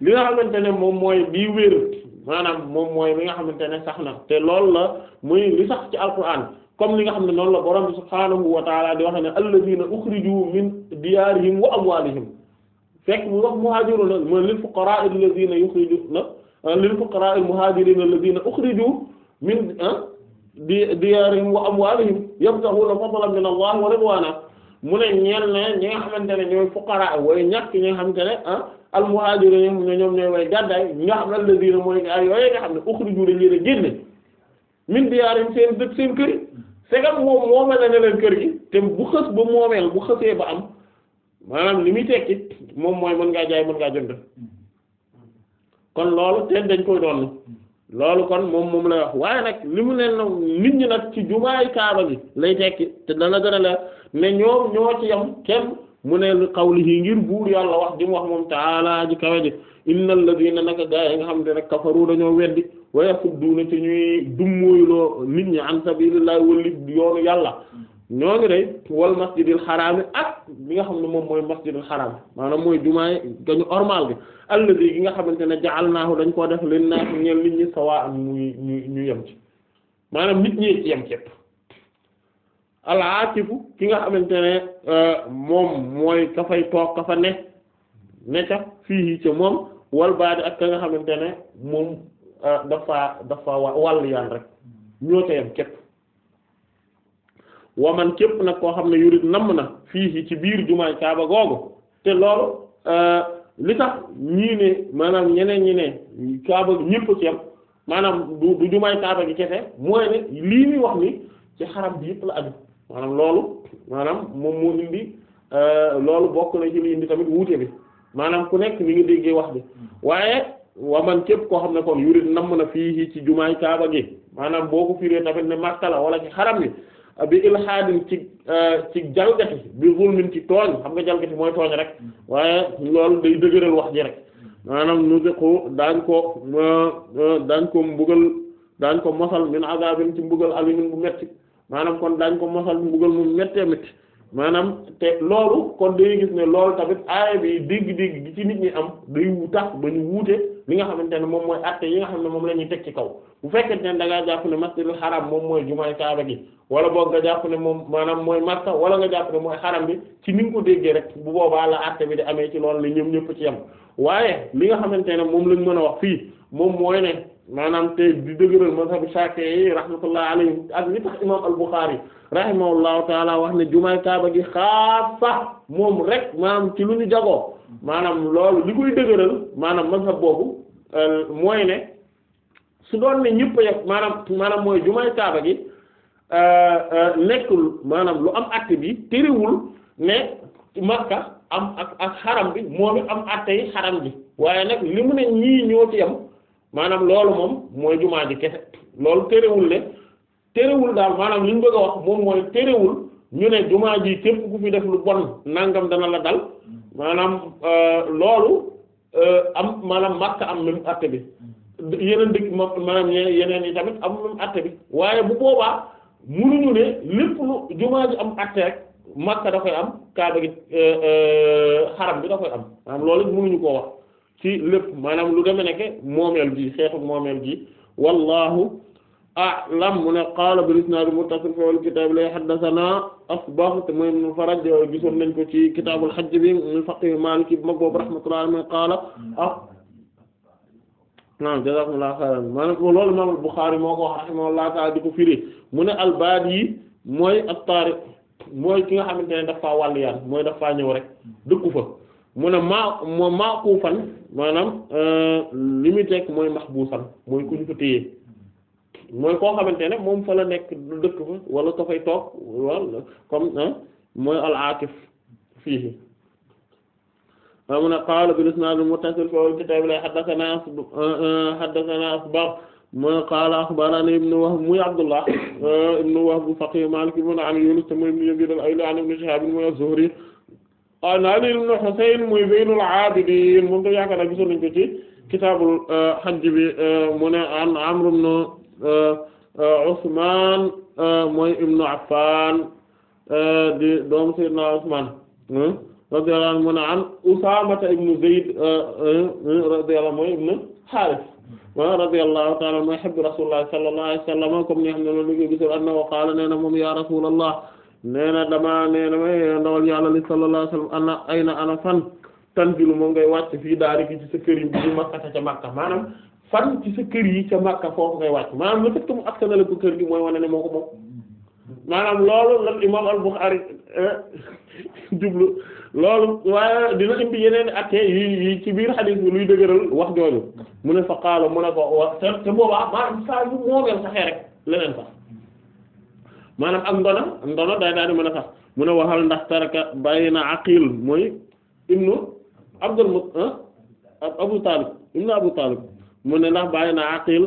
li nga xamante ne moom mooy bii wér maanaam moom mooy li nga xamante ne sax na te lool la muy li sax ci alquran comme li nga xam ne noonu la borom bi subhaanahu wa taala di wax ne alladina ukhriju min diyaarihim wa amwalihim fekk mu wax muhajiruna mooy lil fuqara alladhina yukhrijuna lil fuqara al muhajirina alladhina ukhriju min ah, di diyarihim wa amwalihim yabtaghuna fadlan min Allah wa ridwana mu ne ñeel ne ñi nga xamante ne ñooy fuqara way ñàkk ñi nga xamante ne ah al muhajiruna ñoom ne ñoom ñooy way gàddaay nga xam alladhina mooy ay yooyu nga xam ne ukhriju dañ leen a génne min diyarihim seen dëkk seen kër yi segam moom moomeel na leen kër gi te bu xës ba moomeel bu xësee ba am maanaam li muy tekki moom mooy mën ngaa jaay mën ngaa jënd kon loolu dañ koy doon kon moom moom lay wax waaye nag li mu ne nit ñi nag ci jumaay kaaba gi lay tekki te dana gën a leer ne ñoom ñoo ci yam kenn mu ne qawlihi ngir buur yàlla wax di wax moom taala ji kawe ji innal ladina naka gaa yi nga xam te rek kafaru dañoo weddi wa yasudduuna ci ñuy dummóoyloo nit ñi an sabilillah wali yoonu yàlla ñooñu day wal masjidil xaraami ak li nga xam ne moom mooy masjidil xaraam maanaam mooy jumaay gañu ormal gi allazi gi nga xamante ne ja'alnaahu dañ koo def lin naasi ñeel nit ñi sawaa am muy ñu ñu yem ci maanaam nit ñi yem cepp alaatifu ki nga xamante ne euh, moom mooy ka fay toog ka fii ca moom wal nga xamante ne moom euh, dafa dafa wàll yaan rek ñoo ca yem cepp wa man képp nag koo xam ne yurit namm na fii ci biir jumaay kaaba googu te loolu euh, li tax ñii ne maanaam ñeneen ñi ne kaaba ñëpp ci am maanaam du du jumaay kaaba gi kese mooy ne lii muy wax ni ci xaram bi yëpp la aju maanaam loolu maanaam moom moo indi euh, loolu bokk na ci li indi tamit wuute bi maanaam ku nekk ni nga déggee wax bi waaye wa man képp koo xam ne kon yurit namm na fii ci jumaay kaaba gi maanaam boo ko firee tamit ne Makka la wala ci xaram bi bi ilhaadin ci euh, ci jalgati bi zulmin ci tooñ xam nga jalgati mooy tooñ rek waaye loolu day dëgëral wax ji rek maanaam nuziqu daañ ko euh, euh, daañ ko mbugal daañ ko mosal min azabin ci mbugal alimin bu metti maanaam kon daañ ko mosal mbugal mu mettee metti maanaam te loolu kon dañuy gis ne lool tamit aaya bi dégg-dégg ci nit ñi am day wu tax ba ñu wuute li nga xamante ne moom mooy atte yi nga xam ne moom la ñuy teg ci kaw bu fekkente ne da ngaa jàpp ne masjidul moom mooy jumaay kaaba gi wala boog nga jàpp ne moom maanaam mooy Makka wala nga jàpp ne mooy xaram ci ni nga ko déggee rek bu boobaa la atte bi di amee ci loolu la ñëpp ñëpp ci yam waaye li nga xamante ne moom lañ mën a wax fii moom mooy ne maanaam te di dëgëral mazhabu Shafi'i rahmatullah alayhi ak li tax imam al yi rahimahullahu taala wax ne jumaay kaaba gi xaasa moom rek maanaam ci lu ñu jagoo maanaam loolu li koy dëgëral maanaam mazhab boobu euh, mooy ne su doon ne ñëpp a maanaam maanaam mooy jumaay kaaba gi euh, euh, nekkul maanaam lu am àtte bi tëriwul ne makka am ak ak xaram bi moom it am àtte yi xaram bi waaye nag li mu ne ñii ñoo ci maanaam loolu moom mooy jumaa ji kese loolu tëriwul ne. terewul daal maanaam li ñu bëgg a wax moom mooy terewul ñu ne jumaa ji képp ku fi def lu bon nangam dana la dal maanaam euh, loolu euh, am maanaam Makka am même àtte bi yeneen dëkk maanaam yeneen yi tamit am même waaye bu boobaa munuñu ne lépp lu jumaa ji am àtte rek Makka da am Kaaba gi euh, xaram bi da am maanaam loolu it munuñu koo wax ci lépp maanaam lu demee nekk moomeel gi xeetu moomeel gi wallaahu. A'lam mu ne qaala bil isnaad muttasil fil kitaab la haddasanaa Asbagh te mooy ibn Faraj gisoon nañ ko ci kitaabul hajj bi mu faqih Maaliki bu mag boobu rahmatullahi alayhi qaala ah naam maanaam loolu imaam al moo ko wax rahimahullahu ta'aala di ko firi mu ne al-baadi yi mooy at-taariq mooy ki nga xamante ne dafa wàlliyaan mooy dafa ñëw rek dëkku fa mu ne maa moo maakuufan maanaam euh, li muy teg mooy mooy ku ñu téye. mooy koo xamante ne moom fa la nekk du dëkk fa wala ka fay toog wala comme mooy al aakif fiihi mu ne qaala bil isnaad al muttasil fi al kitaab la haddasanaa euh, haddasanaa Asbagh mooy qaala akhbaranii ibnu Wahb muy Abdullah euh, ibnu Wahb faqih Maalik ibn an Yuunus te muy ibnu Yaziid al Ayli an ibnu Shihaab muy az-Zuhri an Ali ibn Husayn muy Zaynul Aabidiin moom itam yaakaar naa gisoon nañu ko ci kitaabul euh, hajj bi mu ne an Amr ibn Euh, euh, Usmaan euh, mooy ibnu Affaan di doomu Seydina Usmaan hmm? radiyallahu anhu mu ne an Usaamata ibnu Zayd hmm, radiyallahu mooy ibnu Haaris wa hmm? radiyallahu ta'ala mooy habbi Rasulullah sallallahu alayhi wasallam comme ni xam ne loolu li ngi gisul annahu qaala nee na moom ya Rasulullah nee na dama nee na may ndawal yàlla li sallallahu alayhi wasallam ana ayna ana fan tanzilu moom ngay wàcc fii daariki ci sa kër yi bi Makka ca Makka maanaam fan ci sa kër yi ca Makka foofu ngay wàcc maanaam le fait que mu askanale ko kër gi mooy wane ne moo ko moom maanaam loolu lan imam al-Bukhari eh, (laughs) jublu loolu waaye dina indi yeneen atte yi yi ci biir xadiis bi luy dëgëral wax jooju mu ne fa xaala mu wax te te boobaa maanaam saa yu moomeel saxee rek leneen sax maanaam ak ndona ndona day daal di a sax mu ne waxal ndax taraka bàyyi na aqil mooy ibnu abdul mu eh, abu talib ibnu abu talib mu ne ndax bàyyi na aqil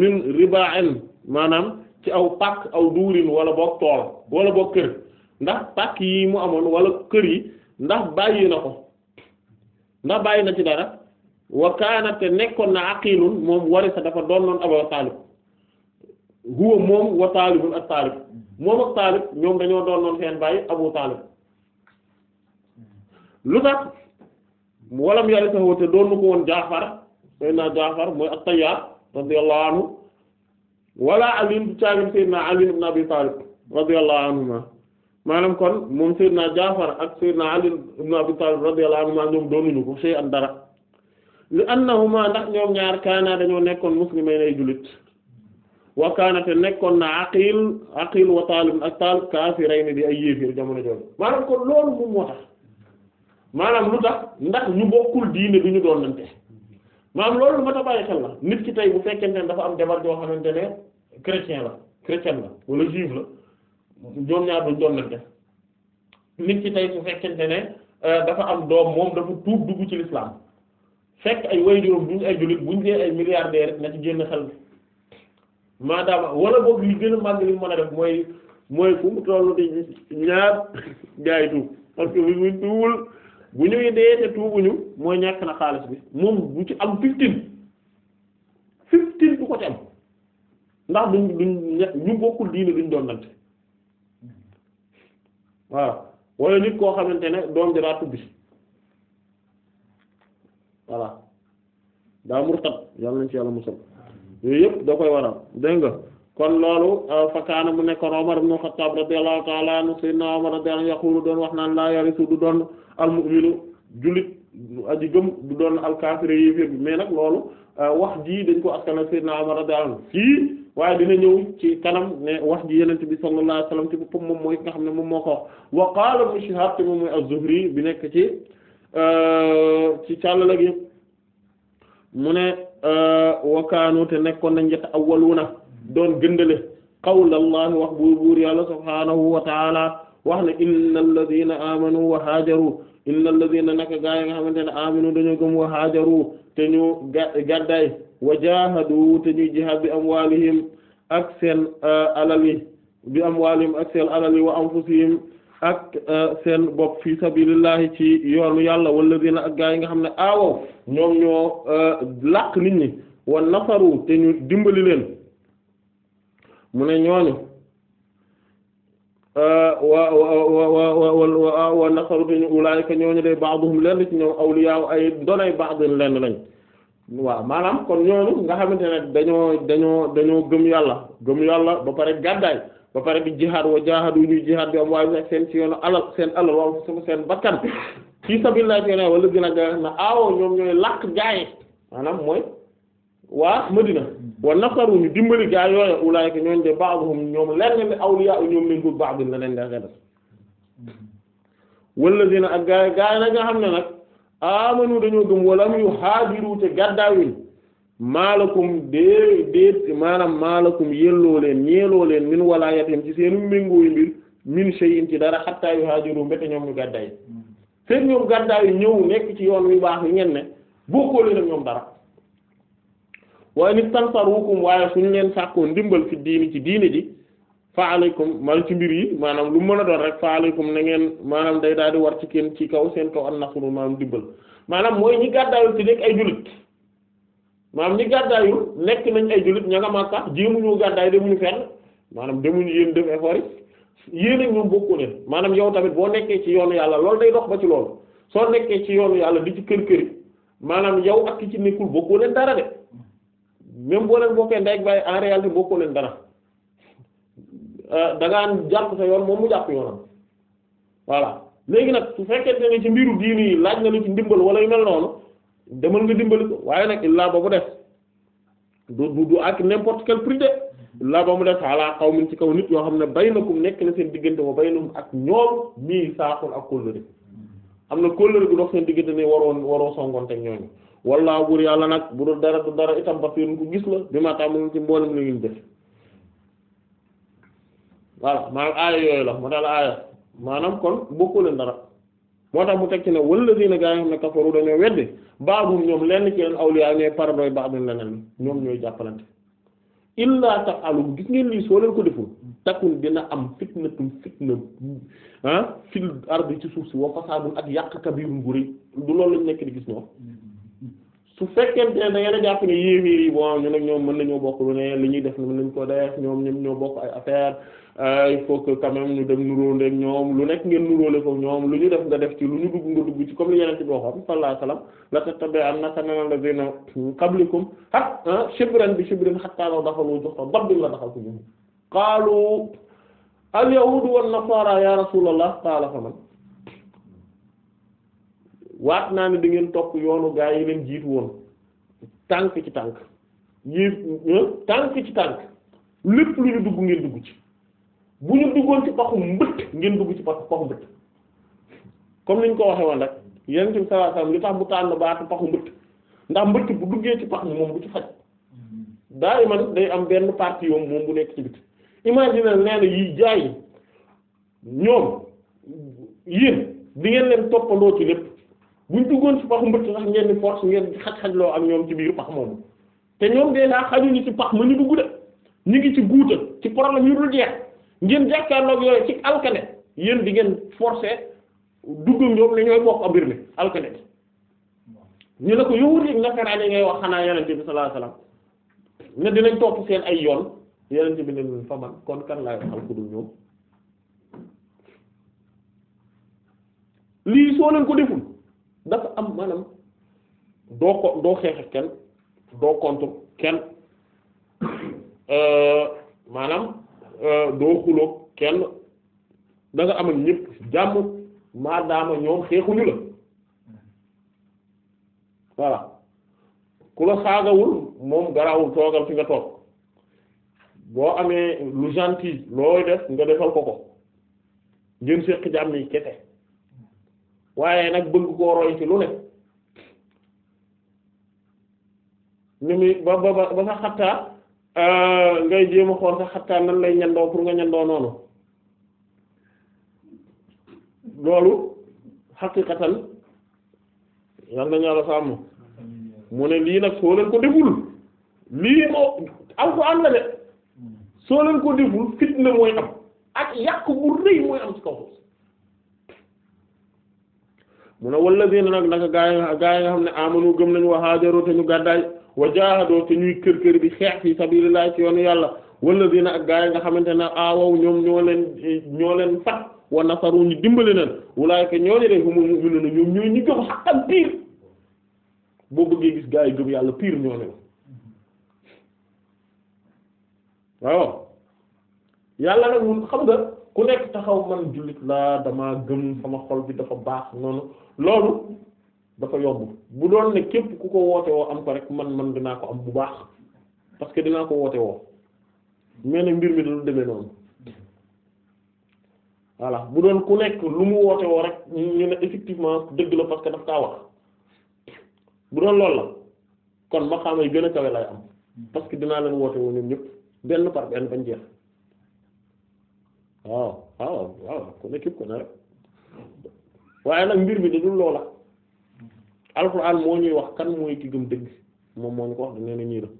min riba'in maanaam ci aw pàkk aw duurin wala boog tool wala boo kër ndax pàkk yi mu amoon walla kër yi ndax bàyyi na ko ndax bàyyi na ci dara wa kaana te nekkoon na aqilun moom warisa dafa doon noon aba taalib huwa moom wa taalibun ak taalib moom ak taalib ñoom dañoo doon noon seen bàyyi abu taalib lu tax walam yàlla saxoo te doon nu ko woon jaafar Seydina Jaafar mooy at-Tayyaar radiyallahu anhu wala Ali du caagin Abi Taalib radiyallahu anhuma maanaam kon moom Seydina Jaafar ak Seydina Ali ibn Abi Taalib radiyallahu anhuma ñoom doonuñu ko sey an dara li annahuma ndax ñoom ñaar kaana dañoo nekkoon muslimayni ay jullit wa kaana te nekkoon na Aqiil Aqiil wa Taalib ak Taalib kaafirayni di ay yéefir jamono jooju maanaam kon loolu moom moo tax maanaam lu tax ndax ñu bokkul diine du ñu doonante maanaam loolu lu mat a bàyyi xel la nit ki tey bu fekkente ne dafa am jabar joo xamante ne chrétien la chrétien la wala juif la ñoom ñaar duñ doon nante nit ki tey bu fekkente ne euh, dafa am doom moom dafa tuub dugg ci l'islam fekk ay wayjuram duñ ay jullit buñ dee ay milliardaire rek ci génn xel maanaam wala boog yi gën a màgg li mën a def mooy mooy fu mu di ñaar gaa tuub parce bu ñu tuubul bu ñuy dee te tuubuñu mooy ñàkk na xaalis bi moom bu ci am fifteen fifteen bu ko ci am ndax duñ duñ ñu bokkul diine duñ doon nante waaw wala nit koo xamante ne doom ji daa tubbi voilà daa murtat yàlla nañ ci yàlla musal yooyu yëpp da koy waral dégg nga kon loolu euh, fakaana mu nekkoon Umar ibn Khattab radiyallahu ta'ala anhu sayyidina Umar radiyallahu anhu doon wax naan laa yarisu du doon al-mu'minu jullit aji du doon al-kafir yéeféer bi mais nag loolu euh, wax jii dañ ko askana sayyidina Umar radiyallahu anhu fii waaye dina ñëw ci kanam ne wax ji yenent bi sallallahu alayhi wasallam ci moom mooy nga xam ne moom moo ko wax wa qaala Ibn Shihab te moom bi nekk ci euh, ci càllalag yëpp mu ne wakaanu te nekkoon nañ njëkk awwaluna doon gëndale qawlallahi wax buur buur yàlla subhaanahu wa taala wax ne inna alladina amanu wa haajaru inna alladina naka gaa yi nga xamante ne amanu dañoo gëm wa haajaru te ñu gaddaay wa jaahadu te ñuy jihaad bi amwaalihim ak seen uh, alali bi amwaalihim ak seen alali wa anfusihim ak uh, seen bopp fi sabilillahi ci yoonu yàlla walladina ak gaa yi nga xam ne aawaw ñoom ñoo uh, làq nit ñi wa nafaru te ñu dimbali leen mu ne ñooñu euh, wa wa wa nasarutuñu ulaayika ñooñu de ba'duhum lenn ci ñoom awliyaaw ay donay ba'din lenn lañ waaw maanaam kon ñooñu nga xamante ne dañoo dañoo dañoo gëm yàlla gëm yàlla ba pare gàddaay ba pare di jihaad wa jahaad wu ñuy jihaad bi am waaye ak seen ci yoonu alal seen alal waaw seen bakkan fii sabilillah wala gën a ga na aawo ñoom ñooy làkk gaaye maanaam mooy waa Madina mm-hmm. wa nasaru ñu dimbali gaa yooya ulaayka ñooñ de ba'dhum ñoom lenn li awliya ñoom lañ dul ba'd la leen daa des mm-hmm. wallazina ak gaa gaa yi xam ne nag amanu dañoo gëm walam yu xaajiru te gàddaawuñ maalakum dée déet maanaam maalakum yelloo leen ñeeloo leen min walaayatim ci seenu méngooyu mbir min shay'in dara xattaa yu xaajiru mbéte ñoom ñu gàddaay mm-hmm. fekk ñoom gàddaay ñëw nekk ci yoon wi baax yi ngeen ne bokkoo leen ak ñoom dara waaye nit tansarukum waaye suñ leen sàkkoo ndimbal fi diini ci diini di fa aleykum man ci mbir yi maanaam lu mën a doon rek fa aleykum na ngeen maanaam day daal di war ci kenn ci kaw seen kaw an nasru maanaam ndimbal maanaam mooy ñi gàddaayul te nekk ay jullit maanaam ñi gàddaayul nekk nañ ay jullit ña nga Makka jéemuñu gàddaay demuñu fenn maanaam demuñu yéen def effort yi ñoom bokku ne maanaam yow tamit boo nekkee ci yoonu yàlla loolu day dox ba ci loolu soo nekkee ci yoonu yàlla di ci kër këri maanaam yow ak ki ci nekkul bokku leen dara de même boo leen bokkee ndey ak baay en réalité bokkoo leen dara euh, da ngaa jàpp sa yoon moom mu jàpp yoonam voilà léegi nag su fekkente ne ci mbiru diini yi laaj na lu ci ndimbal wala yu mel noonu demal nga dimbali ko waaye nag illaa ba mu def du du ak n'importe quel prix de illaa ba mu def ala qawmin ci kaw nit yoo xam ne baynakum nekk na seen diggante bay baynahum ak ñoom mii saaxul ak kóllëre am na kóllëre gu dox seen diggante ne waroo waroo songoonte wallaahu buur yàlla nag bu dul dara du dara itam basirun ku gis la bi ma tàmm ci mboolem li ngeen def voilà maanaam aaya yooyu la moo tax la aaya maanaam kon bokkoo leen dara moo tax mu tekki ne wallazina gaa yi xam ne kafaru dañoo wedde baadum ñoom lenn ci leen awliya ñooy paradoy baadum leneen ñoom ñooy jàppalante illaa taf'alu gis ngeen lii soo leen ko deful takun dina am fitnatum fitna ah fil ci suuf si wa fasaadun ak yàq kabirun bu rëy du loolu lañ nekk di su fekkente ne da ngeen jàpp ne yéeféer yi bon ñu nag ñoom mën nañoo bokk lu ne li ñuy def mën nañ koo def ñoom ñoom ñoo bokk ay affaire euh, il faut que quand même ñu dem nuróole ak ñoom lu nekk ngeen nuróole ko ñoom lu ñu def nga def ci lu ñu dugg nga dugg ci comme li yeneen ci waxoon sallallahu alayhi wasallam la tattabi'anna sanana allazina qablikum hatta shibran bi shibrin hatta law dakhalu juhra dabbin la dakhaltum qalu al yahudu wan nasara ya rasulullah qala faman waat naa ne da ngeen topp yoonu gaa yi leen jiitu woon tànk ci tànk yéen ah, tànk ci tànk lépp lu ñu dugg ngeen dugg ci bu ñu duggoon ci paxu mbëtt ngeen dugg ci paxu paxu mbëtt comme ni ñu ko waxee woon rek yonent bi sallallahu alayhi li tax bu tànn baatu paxu mbëtt ndax mbëtt bu duggee ci pax moom du ci faj daa man day am benn partie yoom moom bu nekk ci biti imagine nee na yi jaay ñoom yéen di ngeen leen toppandoo ci lépp ñu duggoon ci paxu mbëtt sax ngeen di force ngeen xaj-xaj loo ñoom ci biir pax moomu te ñoom dèjà xajuñu ci pax mu ñu dugg de ñu ngi ci guuta ci problème yu dul jeex ngeen jàkkaarloog yooyu ci alkane yéen di ngeen forcer dugg ñoom la ñooy bokk abir ne alkane ñu ngay wax xanaa yonent bi sallallahu alayhi wasallam ne ay yoon yonent bi ne leen fa man kon kan laay waxal lii soo leen ko deful dafa am maanaam doo ko doo xeex ak kenn doo contre kenn euh, maanaam euh, doo xuloo kenn da nga am ak ñëpp jàmm ñoom xeexuñu la voilà ku la saagawul moom garaawul toogal fi nga toog boo amee lu gentil looy def nga defal ko ko ngeen seq jàmm yi kese waaye nag bëgg koo roy ci lu ne ni muy ba ba ba sa xattaa euh, ngay jéem a xool sa xattaa nan lay ñandoo pour nga ñandoo noonu loolu xaqiqatan yal na ñaala sàmm mu ne lii nag soo leen ko deful lii moo alxuraan la de soo leen ko deful fitna mooy am ak yàq bu rëy mooy am ci kaw mu ne wallazina nag naka a gaay nga xam ne amanu gëm nañu wa haajaru te ñu gàddaay wa jaahadoo te ñuy kër kër di xeex fi sabilillahi ci yoonu yàlla wallazina ak gaay nga xamante ne awaw ñoom ñoo leen ñoo leen fat wa nasaru ñu dimbali leen walaayka ñooñu de humul mu'minuna ñoom ñooy ñu gëm xaqan piir boo bëggee gis gaay gëm yàlla piir ñoo leen waaw yàlla nag mun xam nga ku nekk taxaw man jullit laa damaa gëm sama xol bi dafa baax noonu loolu dafa yomb bu doon ne képp ku ko woote woo am ko rek man man dinaa ko am bu baax parce que dinaa ko woote woo mais nag mbir mi dul demee noonu voilà bu doon ku nekk lu mu woote woo rek ñu ne effectivement dëgg la parce que dafa kaa wax bu doon lool la kon ma benn gën a kawe lay am parce que dinaa leen woote woo ñoom ñëpp benn par benn bañ jeex waaw waaw waaw ku ne képp ku ne rek waaye nag mbir bi da dul loola alxuraan moo ñuy wax kan mooy ki gëm dëgg moom moo ñu ko wax dina ne ñii la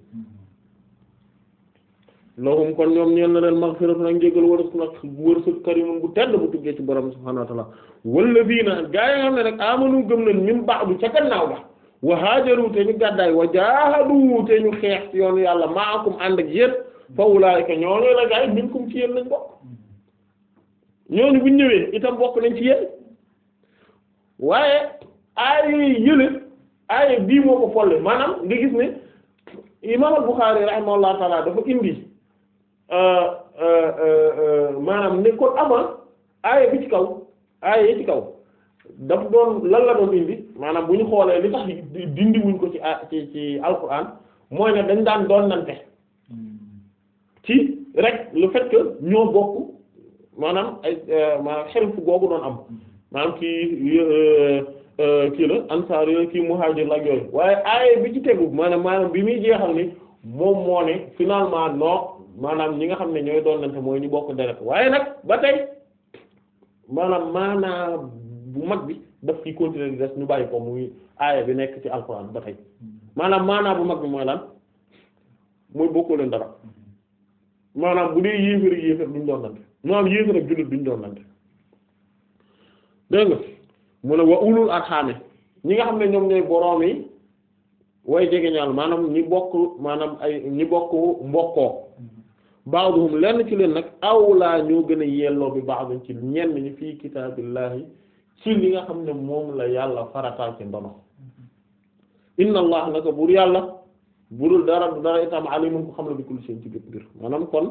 lahum kon ñoom ñeen na leen maghfiratun ak njéggal wërsëg nag wërsëg karimun bu tedd bu tuggee ci borom subhaanahu wa ta'aala wallaziina gaa yi nga xam ne nag amanu gëm nañ min ba'du ca gannaaw ba wa haajaru te ñu gàddaay wa jaahadu te ñu xeex ci yoonu yàlla ma'akum ànd ak yéen fa ulaa'ika ñoo ñooy la gaa yi minkum ci yéen lañ bokk ñooñu buñ ñëwee itam bokk nañ ci yéen waaye aaya yële aaya bii moo ko folle maanaam nga gis ne imaam al-Bukhari rahimahullah taala dafa indi euh, euh, euh, maanaam ne kon avant aaya bi ci kaw aaya yi ci kaw daf doon lan la doon indi maanaam bu ñu xoolee li tax dindi ko ci ci ci alquran mooy ne dañ daan doon nante hmm. ci rek le fait ñoo bokk maanaam ay euh, maanaam xel fu googu doon am maanaam kii euh, euh, kii la ansaar yooyu kii muhaajir la ak yooyu waaye aaye bi ci tegu maanaam maanaam bi muy jeexal ni moom moo ne finalement non maanaam ñi nga xam ne ñooy doonante mooy ñu bokk deret waaye nag ba tey maanaam maanaam bu mag bi daf ci continuer di des ñu bàyyi ko muy aaya bi nekk ci alxuraan ba tey hmm. maanaam maanaam bu mag bi mooy lan mooy bokkoo leen dara maanaam bu dee yéefar yéefar duñ doonante maanaam yéefar ak jullit duñ doonante dégg nga mu ne wa ulul arxaame ñi nga xam ne ñoom ñooy boroom yi way jegeñaal maanaam ñi bokk maanaam ay ñi bokk mbokkoo ba'duhum lenn ci leen nag awlaa ñoo gën a yelloo bi baax ba'du ci ñenn ñi fii kitaabillahi ci li nga xam ne moom la yàlla farataal ci ndono inna allah buur yàlla budul dara du dara itam alimun ko xam la bi kulli shay'in ci bépp mbir maanaam kon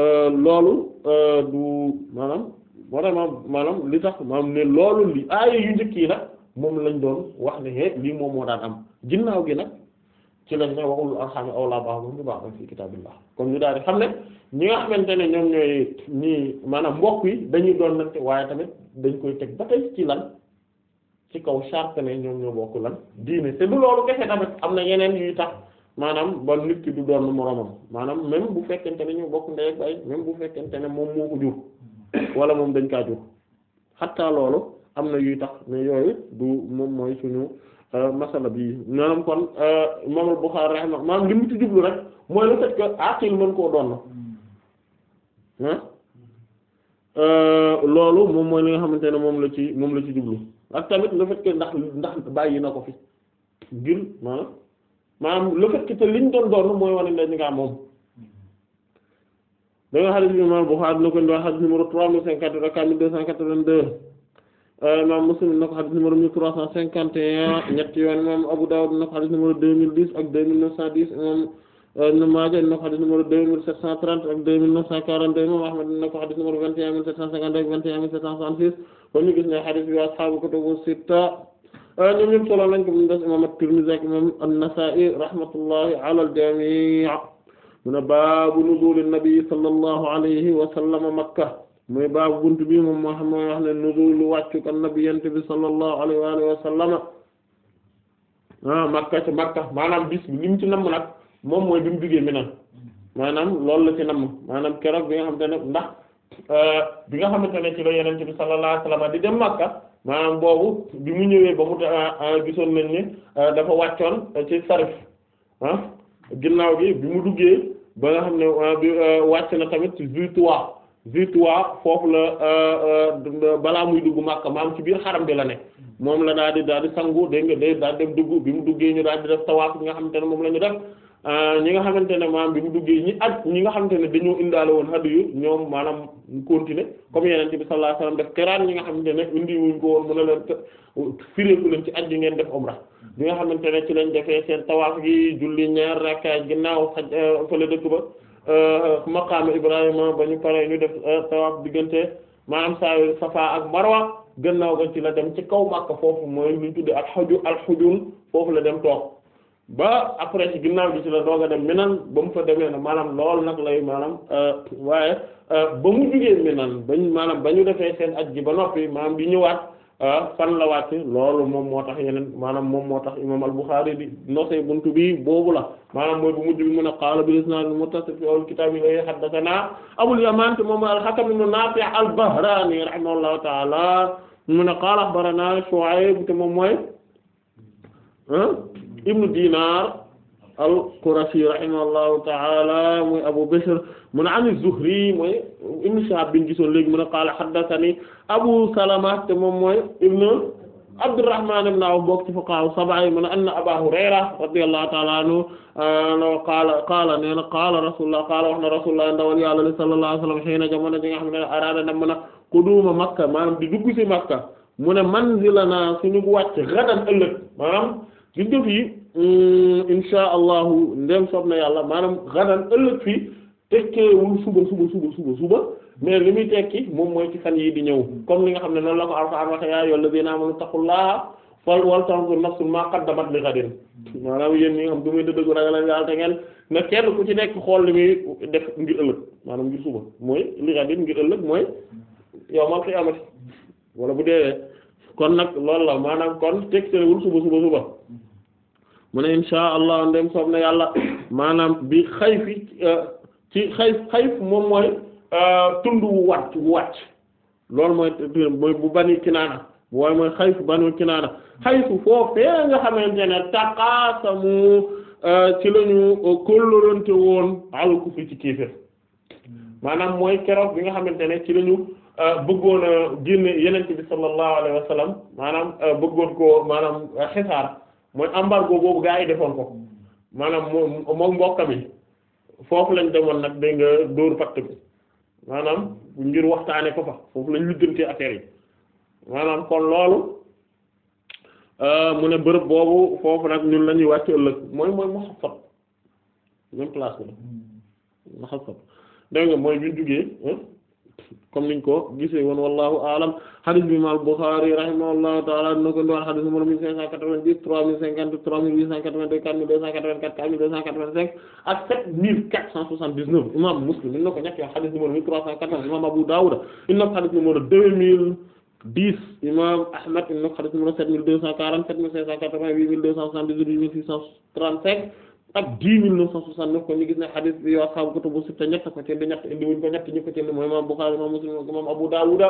euh, loolu euh, du maanaam vraiment maanaam li tax maanaam ne loolu li aaya yu njëkk yi nag moom lañ doon wax ne he lii moom moo daan am ginnaaw gi nag ci lañ ne waxul aw awla baax moom ñu baax am fi kitaabillah kon ñu daal di xam ne ñi nga xamante ne ñoom ñooy ñii maanaam mbokk yi dañuy doon nante waaye tamit dañ koy teg ba tey ci lan ci kaw charte ne ñoom ñoo bokk lan na yeneen yuy tax maanaam ba nit ki du doon moroomam maanaam même bu fekkente ne ñu bokk ndey ak baay bu fekkente ne moom moo ko jur hmm. wala moom dañ kaa jur xattaa loolu am na yuy tax mais yooyu du moom mooy suñu euh, masala bi maanaam kon euh, imaam al-Bukhari rahma ci jublu rek mooy le mën koo doon hmm. na euh, loolu moom mooy li nga xamante ne moom la ci moom la ci jublu ak tamit le fait ndax ndax bàyyi na ko fi ngir maanaam maanaam le fait que te liñ doon doon mooy wane ne ñu nga moom da nga xadis bi imam Bukhari na ko indi xadis numéro trois mille cinquante ak quatre mille deux cent quatre-vingt-deux euh, imam Muslim na ko xadis trois cent cinquante et un ñetti yoon Abu Dawud na ko xadis numéro deux mille dix ak deux mille neuf cent dix imam euh, Ibn Maaja ko xadis deux mille sept cent trente ak deux mille neuf cent quarante-deux imam Ahmad vingt un mille sept cent cinquante ak vingt sept cent soixante-six kon ñu gis ne xadis bi ashaabu kutubu sitta ñoom ñëpp solo nañ ko mu des imam at-Tirmidhi ak imam an-Nasa'i rahmatullahi ala al-jami' mu ne baabu nuzul an-nabi sallallahu alayhi wa sallam Makka mooy baabu buntu bi moom moo xam mooy wax ne nuzul wàccu an-nabi yent bi sallallahu alayhi wa alihi wa sallam ah Makka ca Makka maanaam bis bi lim ci namm nag moom mooy bi mu jugee Mina maanaam la ci namm maanaam keroog bi nga xamante ne ndax euh, bi nga xamante ne ci la yonent dem Makka maanaam boobu bi mu ñëwee ba mu ah, ah, gisoon nañ ne ah, dafa wàccoon ci sarif ah ginnaaw bi bi mu duggee ba nga xam ne bi wàcc na tamit Zul Tuwa Zul Tuwa foofu la balaa muy dugg Makka maam ci biir xaram bi la ne moom la daal di daal di sangu dégg nga day daal dem dugg bi mu duggee ñu daa di def tawaaf bi nga xam te ne moom la ñu def. Euh, ñi nga xamante ne maam bi mu duggee ñi at ñi nga xamante ne dañoo indaale woon xaddu yu ñoom maanaam continuer comme yenente bi sallallahu alayhi wasallam def xiraan ñi nga xamante ne indi wuñ ko woon mën a leen firéeku ci at yi ngeen def umra bi nga xamante ne ci lañ defee seen tawaaf gi julli ñaar rakka ginnaaw xaj euh, fële dëkk ba euh, maqaama Ibrahima ba ñu pare ñu def tawaaf diggante maanaam saayu Safa ak Marwa gannaaw ga ci la dem ci kaw Makka foofu mooy luñ tuddee ak xuju al xujul foofu la dem toog ba après ci ginnaaw gi ci la doog a dem Minan ba mu fa demee na maanaam lool nag lay maanaam euh, waaye euh, ba mu jugee ba bañ maanaam ba ñu defee seen aj ji ba noppi maanaam di ñëwaat euh, fan la wàcc loolu moom moo tax yeneen maanaam moom moo tax imaam al-Bukhari di nosee buntu bi boobu la maanaam mooy bu mujj bi mu ne qaala bil isnaad al-muttasil fi awwal kitaab yi haddathanaa Abul Yamaan moom al-Hakam ibn Naafi' al-Bahraani rahimahullahu ta'aala mu a qaala akhbaranaa Shu'ayb te moom mooy ibnu dinar al-Qurashi rahimahullahu ta'ala muy Abu Bishr mu ne an az-Zuhri mooy ibnu Shihab bin gisoon léegi mu ne qaala haddathani Abu Salama te moom mooy ibnu Abdurrahman ibn Awf bokk ci fuqaha sab'a mu ne anna Aba Hurayra radiyallahu ta'ala anhu qaala qaala nee na qaala rasulullah qaala wax na rasulullah ndawal yàlla sallallahu alayhi wa sallam hiina jamono ji nga xam ne araada nam na quduma Makka maanaam di dugg ci Makka mu ne manzilana suñu wàcc gadan ëllëg maanaam gis nga fii insha allahu ndem soob na yàlla maanaam gadan ëllëg fii tekkeewul suba suba suba suba suba mais li muy tekki moom mooy ci fan yi di ñëw comme li nga xam ne noonu la ko alxuraan waxe yaa ayyuhal lazina amanu taqullaha fal wal tanzur nafsun ma qaddamat li ghadin maanaam yéen ñi nga xam du muy dëgg ragal yàlla te ngeen ne kenn ku ci nekk xool li muy def ngir ëllëg maanaam ngir suba mooy li ghadin ngir ëllëg mooy yawmal qiyaamati bu deewee kon nag loolu la maanaam kon tegtalewul suba suba suba mu ne insha allah ndem soob na yàlla (coughs) maanaam bi xayf euh, ci xayf xayf moom mooy euh, tund wu wàcc wu wàcc loolu mooy mooy bu bani kinaana waaye mooy xayf banu kinaana xayfu foofee nga xamante ne taqaasamu euh, ci lañu kóllërante woon al kufri ci kiifir maanaam mooy keroog bi nga xamante ne ci lañu Euh, bëggoon a euh, génne yenent bi sallallahu alayhi wa maanaam euh, bëggoon koo maanaam xisaar mooy embargo boobu gaa yi defoon ko maanaam moo moom mbokka mi foofu lañ demoon nag dégg nga dóor patt bi maanaam ngir waxtaane ko fa foofu lañ luddantee affaire yi maanaam kon loolu mu ne bërëb boobu foofu nag ñun la wàcc ëllëg mooy mooy muhassab même place bi la hmm. muhassab mooy jugee comme niñ ko gisee woon wallahu aalam hadith bi imam Bukhari rahimahullahu taala dina ko indiwaat hadith numéro mille cinq cent quatre-vingt-dix trois mille cinquante trois huit cent quatre-vingt-deux quatre mille deux cent quatre-vingt-quatre quatre mille deux ak sept mille quatre soixante dix imam Muslim ina ko ñetti yoon hadith numéro mille trois cent quatre imam Abu Dawud ina ko hadith numéro deux imam Ahmad ak dix mille neuf cent soixante-neuf kon ñu gis ne xadis bi yow asxaabu kutubu sitta ñett ko ci ñett indi ko ñett ñu ko ci mooy imam Bukhari imam Muslim imam Abu Dawud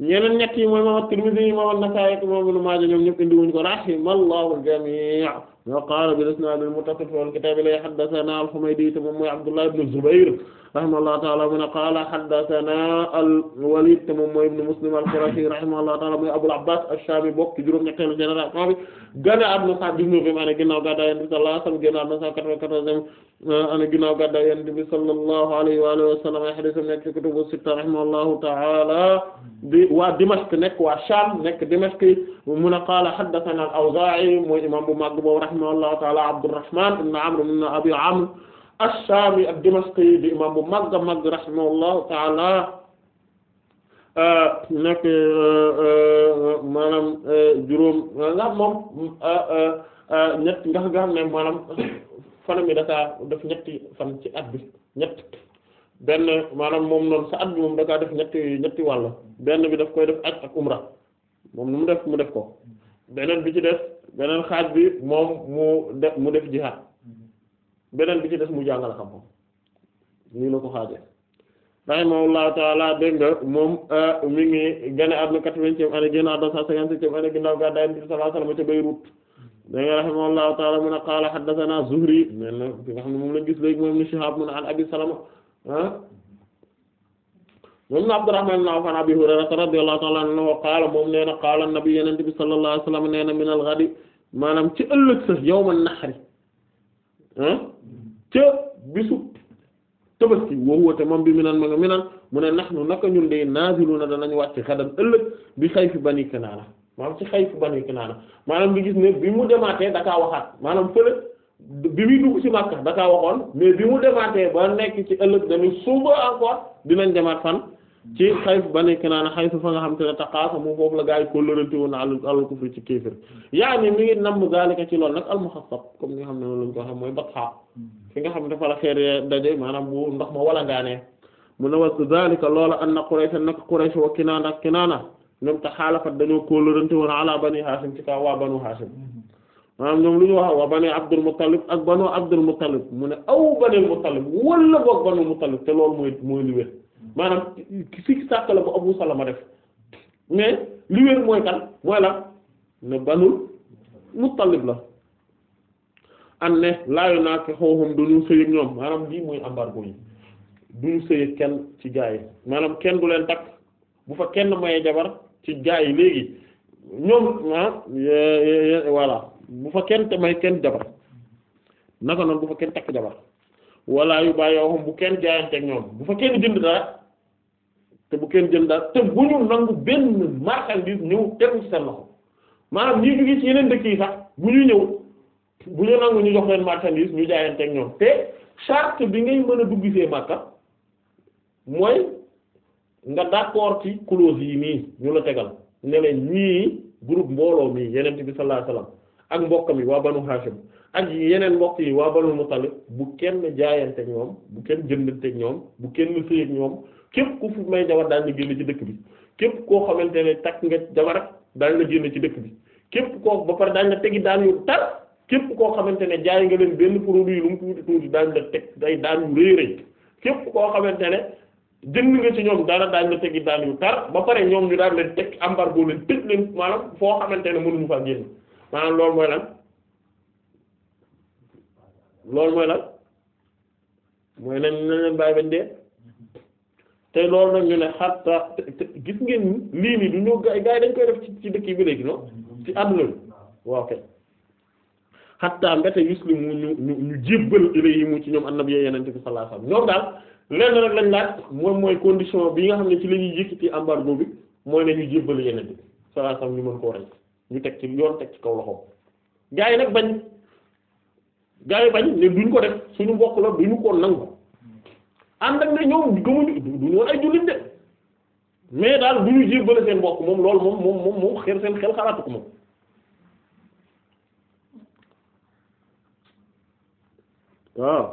ñeneen ñett yi mooy imam At-Tirmidhi imam An-Nasa'i imam Ibn Maaja ñoom ñëpp indi wuñ ko rahimallahu al-jami' wa qaala bil isnaad al muttasil fil kitaab la haddasanaa al Humaydi te moom mooy Abdullah ibn Zubayr rahimahullahu ta'aala mu ne qaala haddasanaa al Waliid te moom mooy ibn Muslim al Qurashi rahimahullahu ta'aala mooy Abul Abbaas ash-Shaami bokk ci juróom-ñetteelu génération bi gën a am na 119 ane ginnaaw gàddaay Yonent bi sallallahu alayhi wa sallam génn am na 194 Euh, ana ginnaaw gàddaay Yonent bi sallallahu alayhi wa alihi wa sallam ay nekk ci kutubu sitta rahimahullahu ta'ala di waa Dimashq nekk waa Sham nekk Dimashq mu ne qaala haddathanaa al-Awzaa'i mooy imaam bu mag boobu rahimahullahu ta'ala Abdurrahmaan ibn Amr ibn Abi Amr ash-Shaami dimashqi di imaam bu mag a mag rahimahullahu ta'ala euh, nekk euh, maanaam juróom moom ñett nga ne maanaam fanam yi dakaa def ñetti fan ci at bi ñett benn maanaam moom noonu sa at bi moom dakaa def ñetti ñetti wàll benn bi daf koy def at ak umra moom nu mu def mu def ko beneen bi ci des beneen xaaj bi moom mu def mu def jihaad beneen bi ci des mu jàngal xam-xam nii la ko xaajee rahimahullahu taala dégg nga moom euh, mi ngi gane àdduna quatre-vingtième année génn àdduna cent cinquante-septième année ginnaaw gàddaay Yonent bi sallallahu alayhi wasallam ca Beyrouth danga rahimahullahu taala mun a qaala haddathana Zuhri mel na ki nga xam ne moom lañ gis léegi moom ni Shihab mun an Abi Salama ah moom na Abdurrahman na Awf an Abi Hurayrata radiyallahu taala anhu qaala moom nee na qaala nabi yenente bi sallallahu alayhi wasallam nee na min al ghadi maanaam ci ëllëg sa yawm an-nahri ah ca bisu tabaski woowote moom bi minan ma nga minan mu ne nahnu naka ñun day naaziluna danañ wàcc xadan ëllëg bi xayfi bani Kinaana maanaam ci xayfu Banu Kinaana maanaam nga gis ne bi mu demaatee dakaa waxaat maanaam fële bi muy dugg ci Makka dakaa waxoon mais bi mu demaatee ba nekk ci ëllëg dañu suba encore dinañ demaat fan ci xayfu Banu Kinaana xayfu fa nga xam te ne taqaasa mu foofu la gaa yi kóllërante woon na alal alal kufri ci kéefër yaa ni mi ngi namm ci lool nag al-muhassab comme ni nga xam ne loolu lañ ko xam mooy batxaa fi nga xam ne dafa la xeer daje maanaam bu ndox ma wala ngaanee mu ne wa zaalika loola anna Quraysh nak Quraysh wa Kinaana ak Kinaana ñoom te xaalafat dañoo kóolërante woon ala bani hashim ci kaw waa banu hashim maanaam ñoom lu ñu wax waa bani abdul muttalib ak banu abdul muttalib mu ne aw bani muttalib wala boog banu muttalib te loolu mooy mooy li wér maanaam sikki sàkk la bu abu salama li wér mooy kan mooy la ne banul muttalib la am ne laayu naa ko xooxum duñu sëy ak ñoom maanaam lii mooy embargo yi duñu sëy ak kenn ci gaa yi maanaam kenn du leen takk bu fa kenn mayee jabar ci gaa yi léegi ñoom ah eh, eh, voilà bu fa kenn te may kenn jabar naka noonu bu fa kenn takk jabar walla yu bàyyi yow bu kenn jaayanteeg ñoom bu fa kenn jënd dara te bu kenn jënd dara te bu ñu nangu benn marchandise ñëw tegu ci seen loxo maanaam ñi jóge ci yeneen dëkk yi sax bu ñu ñëw bu ñu nangu ñu jox leen marchandise ñu jaayanteeg ñoom te charte bi ngay mën a dugg see mooy. nga d'accord ci clause yi nii ñu la tegal ne leen ñii groupe mbooloo mii yeneen bi sallallahu alayhi ak mbokkam yi waa banu Hashim ak yeneen mbokk yi waa banu Muttalib bu kenn jaayante ak ñoom bu kenn jëndante ñoom bu kenn sëy ak ñoom képp ku fi may jabar daañu la génn ci dëkk bi képp koo xamante ne takk nga jabar daañu la génn ci dëkk bi képp koo ba pare daañu la tegi daan yu tar képp koo xamante ne jaay nga leen benn produit lu mu tuuti tuuti daañu la teg day daan yu rëy rëy képp koo xamante ne jënd nga ci ñoom dara daañu la tegi tar ba pare ñoom ñu daan leen teg embargo leen tëj leen maanaam foo xamante ne mënuñu faa génn maanaam loolu mooy lan loolu mooy lan mooy lan leen bàyyi bañ dee te loolu nag ñu ne xatta gis ngeen lii nii du ñoo gaay gaay dañ koy def ci dëkk yi ba léegi non ci àdduna bi waaw kay xatta mbete yuslimu ñu ñu ñu jébbal ilay yi mu ci ñoom annabi yonent bi sallallahu alayhi ñoom daal léegi nag lañ laaj moom mooy condition bi nga xam ne ci la ñuy yëkkati embargo bi mooy ne ñu jébbal yeneen bi sallallahu alayhi wasallam ñu mën koo rey ñu teg ci yoon teg ci kaw loxoom gaa yi nag bañ gaa yi bañ ne duñ ko def suñu mbokk la duñu ko nangu ànd ak ne ñoom gëmuñu duñu ay jullit de mais daal duñu jébbale seen mbokk moom loolu moom moom moom moom xel seen xel xalaatu ko moom waaw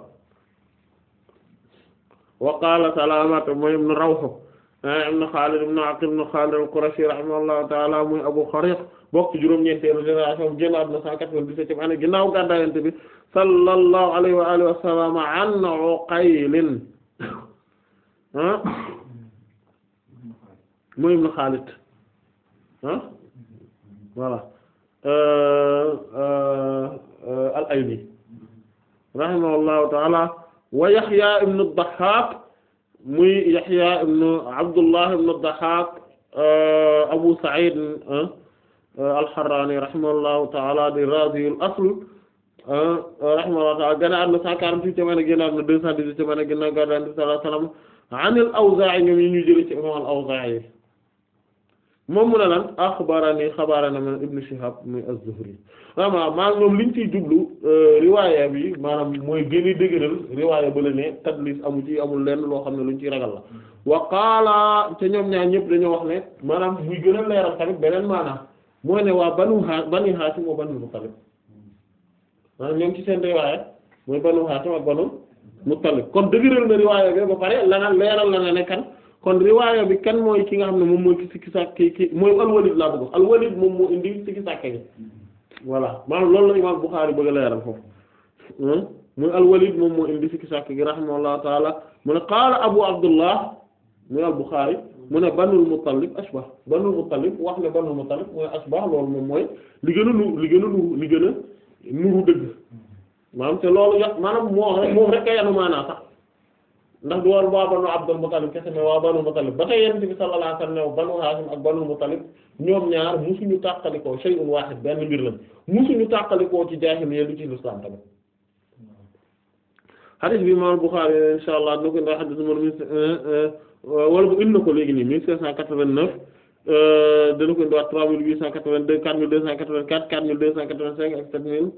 wa qaala Salaamata mooy ibn Rawh eh, ibn Xaalid ibn Aqil ibn Xaalid al-Qurashi rahimahullahu ta'ala muy Abu Xariq bokk ci juróom-ñeenteelu génération génn àdduna 197 année ginnaaw gàddaay Yonent bi sallallahu alayhi wa alihi wa sallam an Uqaylin ah muy ibn Xaalid ah voilà eh, eh, al-Ayli rahimahullahu ta'ala wa Yahya ibn ad-Dahhak muy Yahya ibn Abdullah ibn ad-Dahhak euh, Abu Sa'id euh, al-Harrani rahimahullahu ta'ala di Razi al-asl rahimahullahu ta'ala gane àdduna 148 jamono génn àdduna 218 jamono génn àdduna sallallahu alayhi wa sallam an al-Awza'i ñoom ñu jël ci imam al-Awza'i moom mu ne lan axbarani xabarana man ibnu Shihab muy az-Zuhri vraiment maanaam moom liñ ciy jublu euh, riwaaya bi maanaam mooy gën a dëgëral riwaaya ba la ne tadlis amu ci amul lenn loo xam ne luñ ciy ragal la wa qaala te ñoom ñaar ñëpp dañoo wax ne maanaam muy gën a leeral tamit beneen maanaam mooy ne waa banu haa banu Haasim wa banu Muttalib maanaam ñoom ci seen riwaaya mooy banu Haasim ak banu Muttalib kon dëgëral na riwaaya bi ba pare lana leeral la na ne kan kon riwaaya bi kan mooy ki nga xam ne moom mooy ki sikki sàkk ki mooy alwalid laa bëgg alwalid moom moo indi sikki sàkk gi voilà maanaam loolu la imaam Buxaari bëgg a leeral foofu muy hmm? alwalid moom moo indi sikki sàkk gi rahimahullahu taala mu ne qaala Abu Abdullah muy al-Buxaari mu ne Banul Muttalib ashbah Banul Muttalib wax ne Banul Muttalib mooy ashbah loolu moom mooy li gën a nu li gën a a nuru moom rek a yanu maanaa ndax du woon waa banu Abdul Muttalib kese mais waa banu Muttalib ba tey Yonent bi sallallahu alayhi wa sallam banu Hashim ak banu Muttalib ñoom ñaar musuñu tàqalikoo shay'un wahid benn mbir lañ musuñu tàqalikoo ci jaahiliyya lu ci lislaam tamit hadith bi imam Bukhari insha Allah dina ko indi hadith numéro euh, wala bu indi na ko léegi nii 1589 euh, dana ko indiwaat 3882 4284 4285 ak 7000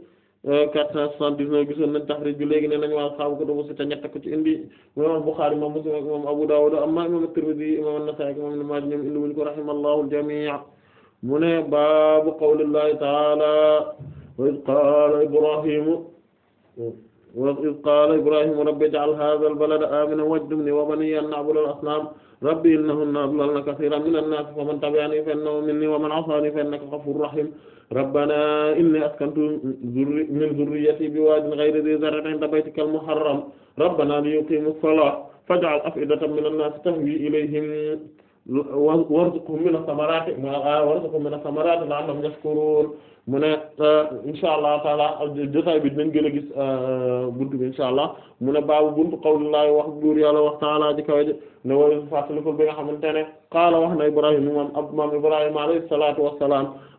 quatre cent soixante-dix-neuf gisoon nañ taxrij bi léegi ne nañu waa ashaabu kutubu sitta ñett ko ci indi imam Bukhari imam Muslim ak imam Abu Dawud amma imam Tirmidhi imam An-Nasa'i ak imam Ibn Maaja ñoom indi wuñ ko rahimallahu al-jamii' mu ne baabu qawlillahi ta'ala wa iz qaala Ibraahiimu wa iz qaala Ibraahiimu rabbi ij'al haadha al-balada aaminan wajnubnii wa baniyya an na'buda al-asnaam rabbi innahunna adlalna kathiiran mina an-naas faman tabi'anii fa innahu minnii wa man 'asaanii fa innaka ghafuurun rahiim rabbana inni askantu min zurriyyati bi waadin ghayri dhi zar'in 'inda baytikal muharram rabbana liyuqimu s-salata faj'al af'idatan mina n-naasi tahwi ilayhim warzuqhum mina samaraati mu gis ah, buntu mu ne euh, euh, wax buur yàlla wax taala ji kawe ji ne wala fàttalikul bi nga xamante ne qaala wax na ibrahim moom ab moom ibrahima alayhi salaatu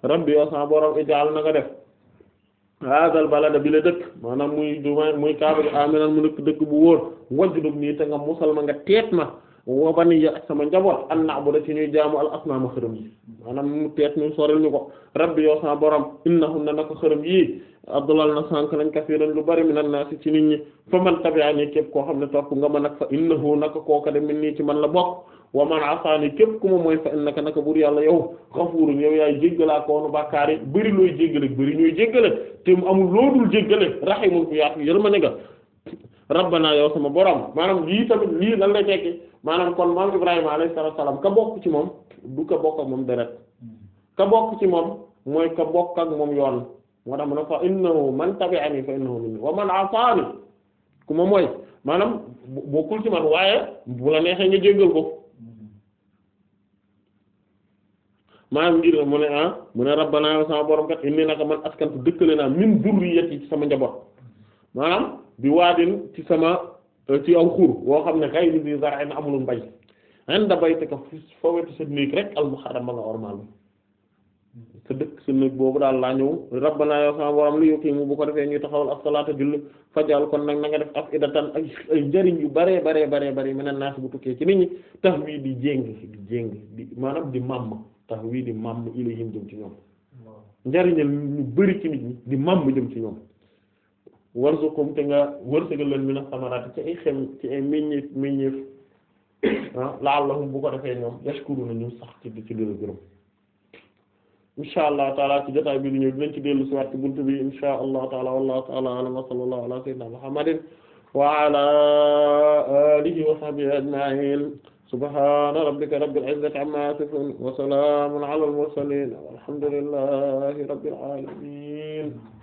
rabbi yow ijaal na nga def haadal balada bi la dëkk maanaam muy du muy kaaba gi mu dëkk bu wóor wajjudub nii te nga musal nga teet ma wa baniya ak sama njaboot an na'budu ci ñuy jaamu al asnaama xërëm yi maanaam mu teet ñu soril ñu ko rabbi yoo sama borom innahunna naka xërëm yii abdulal na sànk nañ kasiiran lu bari minan naasi ci nit ñi fa man tabi'ani képp koo xam ne topp nga ma nag fa innahu naka ko de min nii ci man la bokk wa man asaani képp ku ma mooy fa innaka naka buur yàlla yow xafuurun yow yaay jéggalaa koonu ba yi bëri looy jéggale bëri ñooy jéggale te mu amul loodul jéggale rahimun ku yaatu yërmande nga rabbana yow sama borom maanaam lii tamit lii lan lay tekki maanaam kon maam Ibrahima alayhi ci moom du bokk moom deret ka bokk ci moom mooy ka bokk ak moom yoon moo tax mu ne fa man tabi'ani fa innahu minni wa man asaani ku ma mooy ngir mu ne ah, mu ne rabbana yow sama borom kat inni naka man askantu dëkkale naa min durriyati ci sama njaboot. maanaam bi waadin ci sama euh, ci aw xur woo xam ne kay bi zar'in amulum bay anda baytika fa wetu sa néeg rek al-muharram la ormal bi sa dëkk sa néeg boobu daal laa ñëw rabbana yow sama borom li yuqimu bu ko defee ñuy taxawal as-salata julli fajal kon nag na nga def afidatan ak ay njëriñ yu baree baree baree baree mën a naas bu tukkee ci nit ñi tax wii di jéng di jéng di maanaam di màmm tax wii di màmm ilayhim jëm ci ñoom njëriñal ñu bari ci nit jëm ci ñoom warzuqhum te nga wërsëgal leen mina samaraati ci ay xem ci ay meññeef meññeef ah, la'allahum bu ko defee ñoom yashkuruna ñu sax ci ci dina gërëm insha allah taala ci jotaay bi di ñëw dinañ ci dellu ci waat ci buntu bi insha allah taala wallahu taala alam wa sallallahu ala sayyidina muhammadin wa ala alihi wa sahbihi ajma'in subhana rabbika rabbil izzati amma yasifun wa salamun ala al mursalin walhamdulillahi rabbil alamin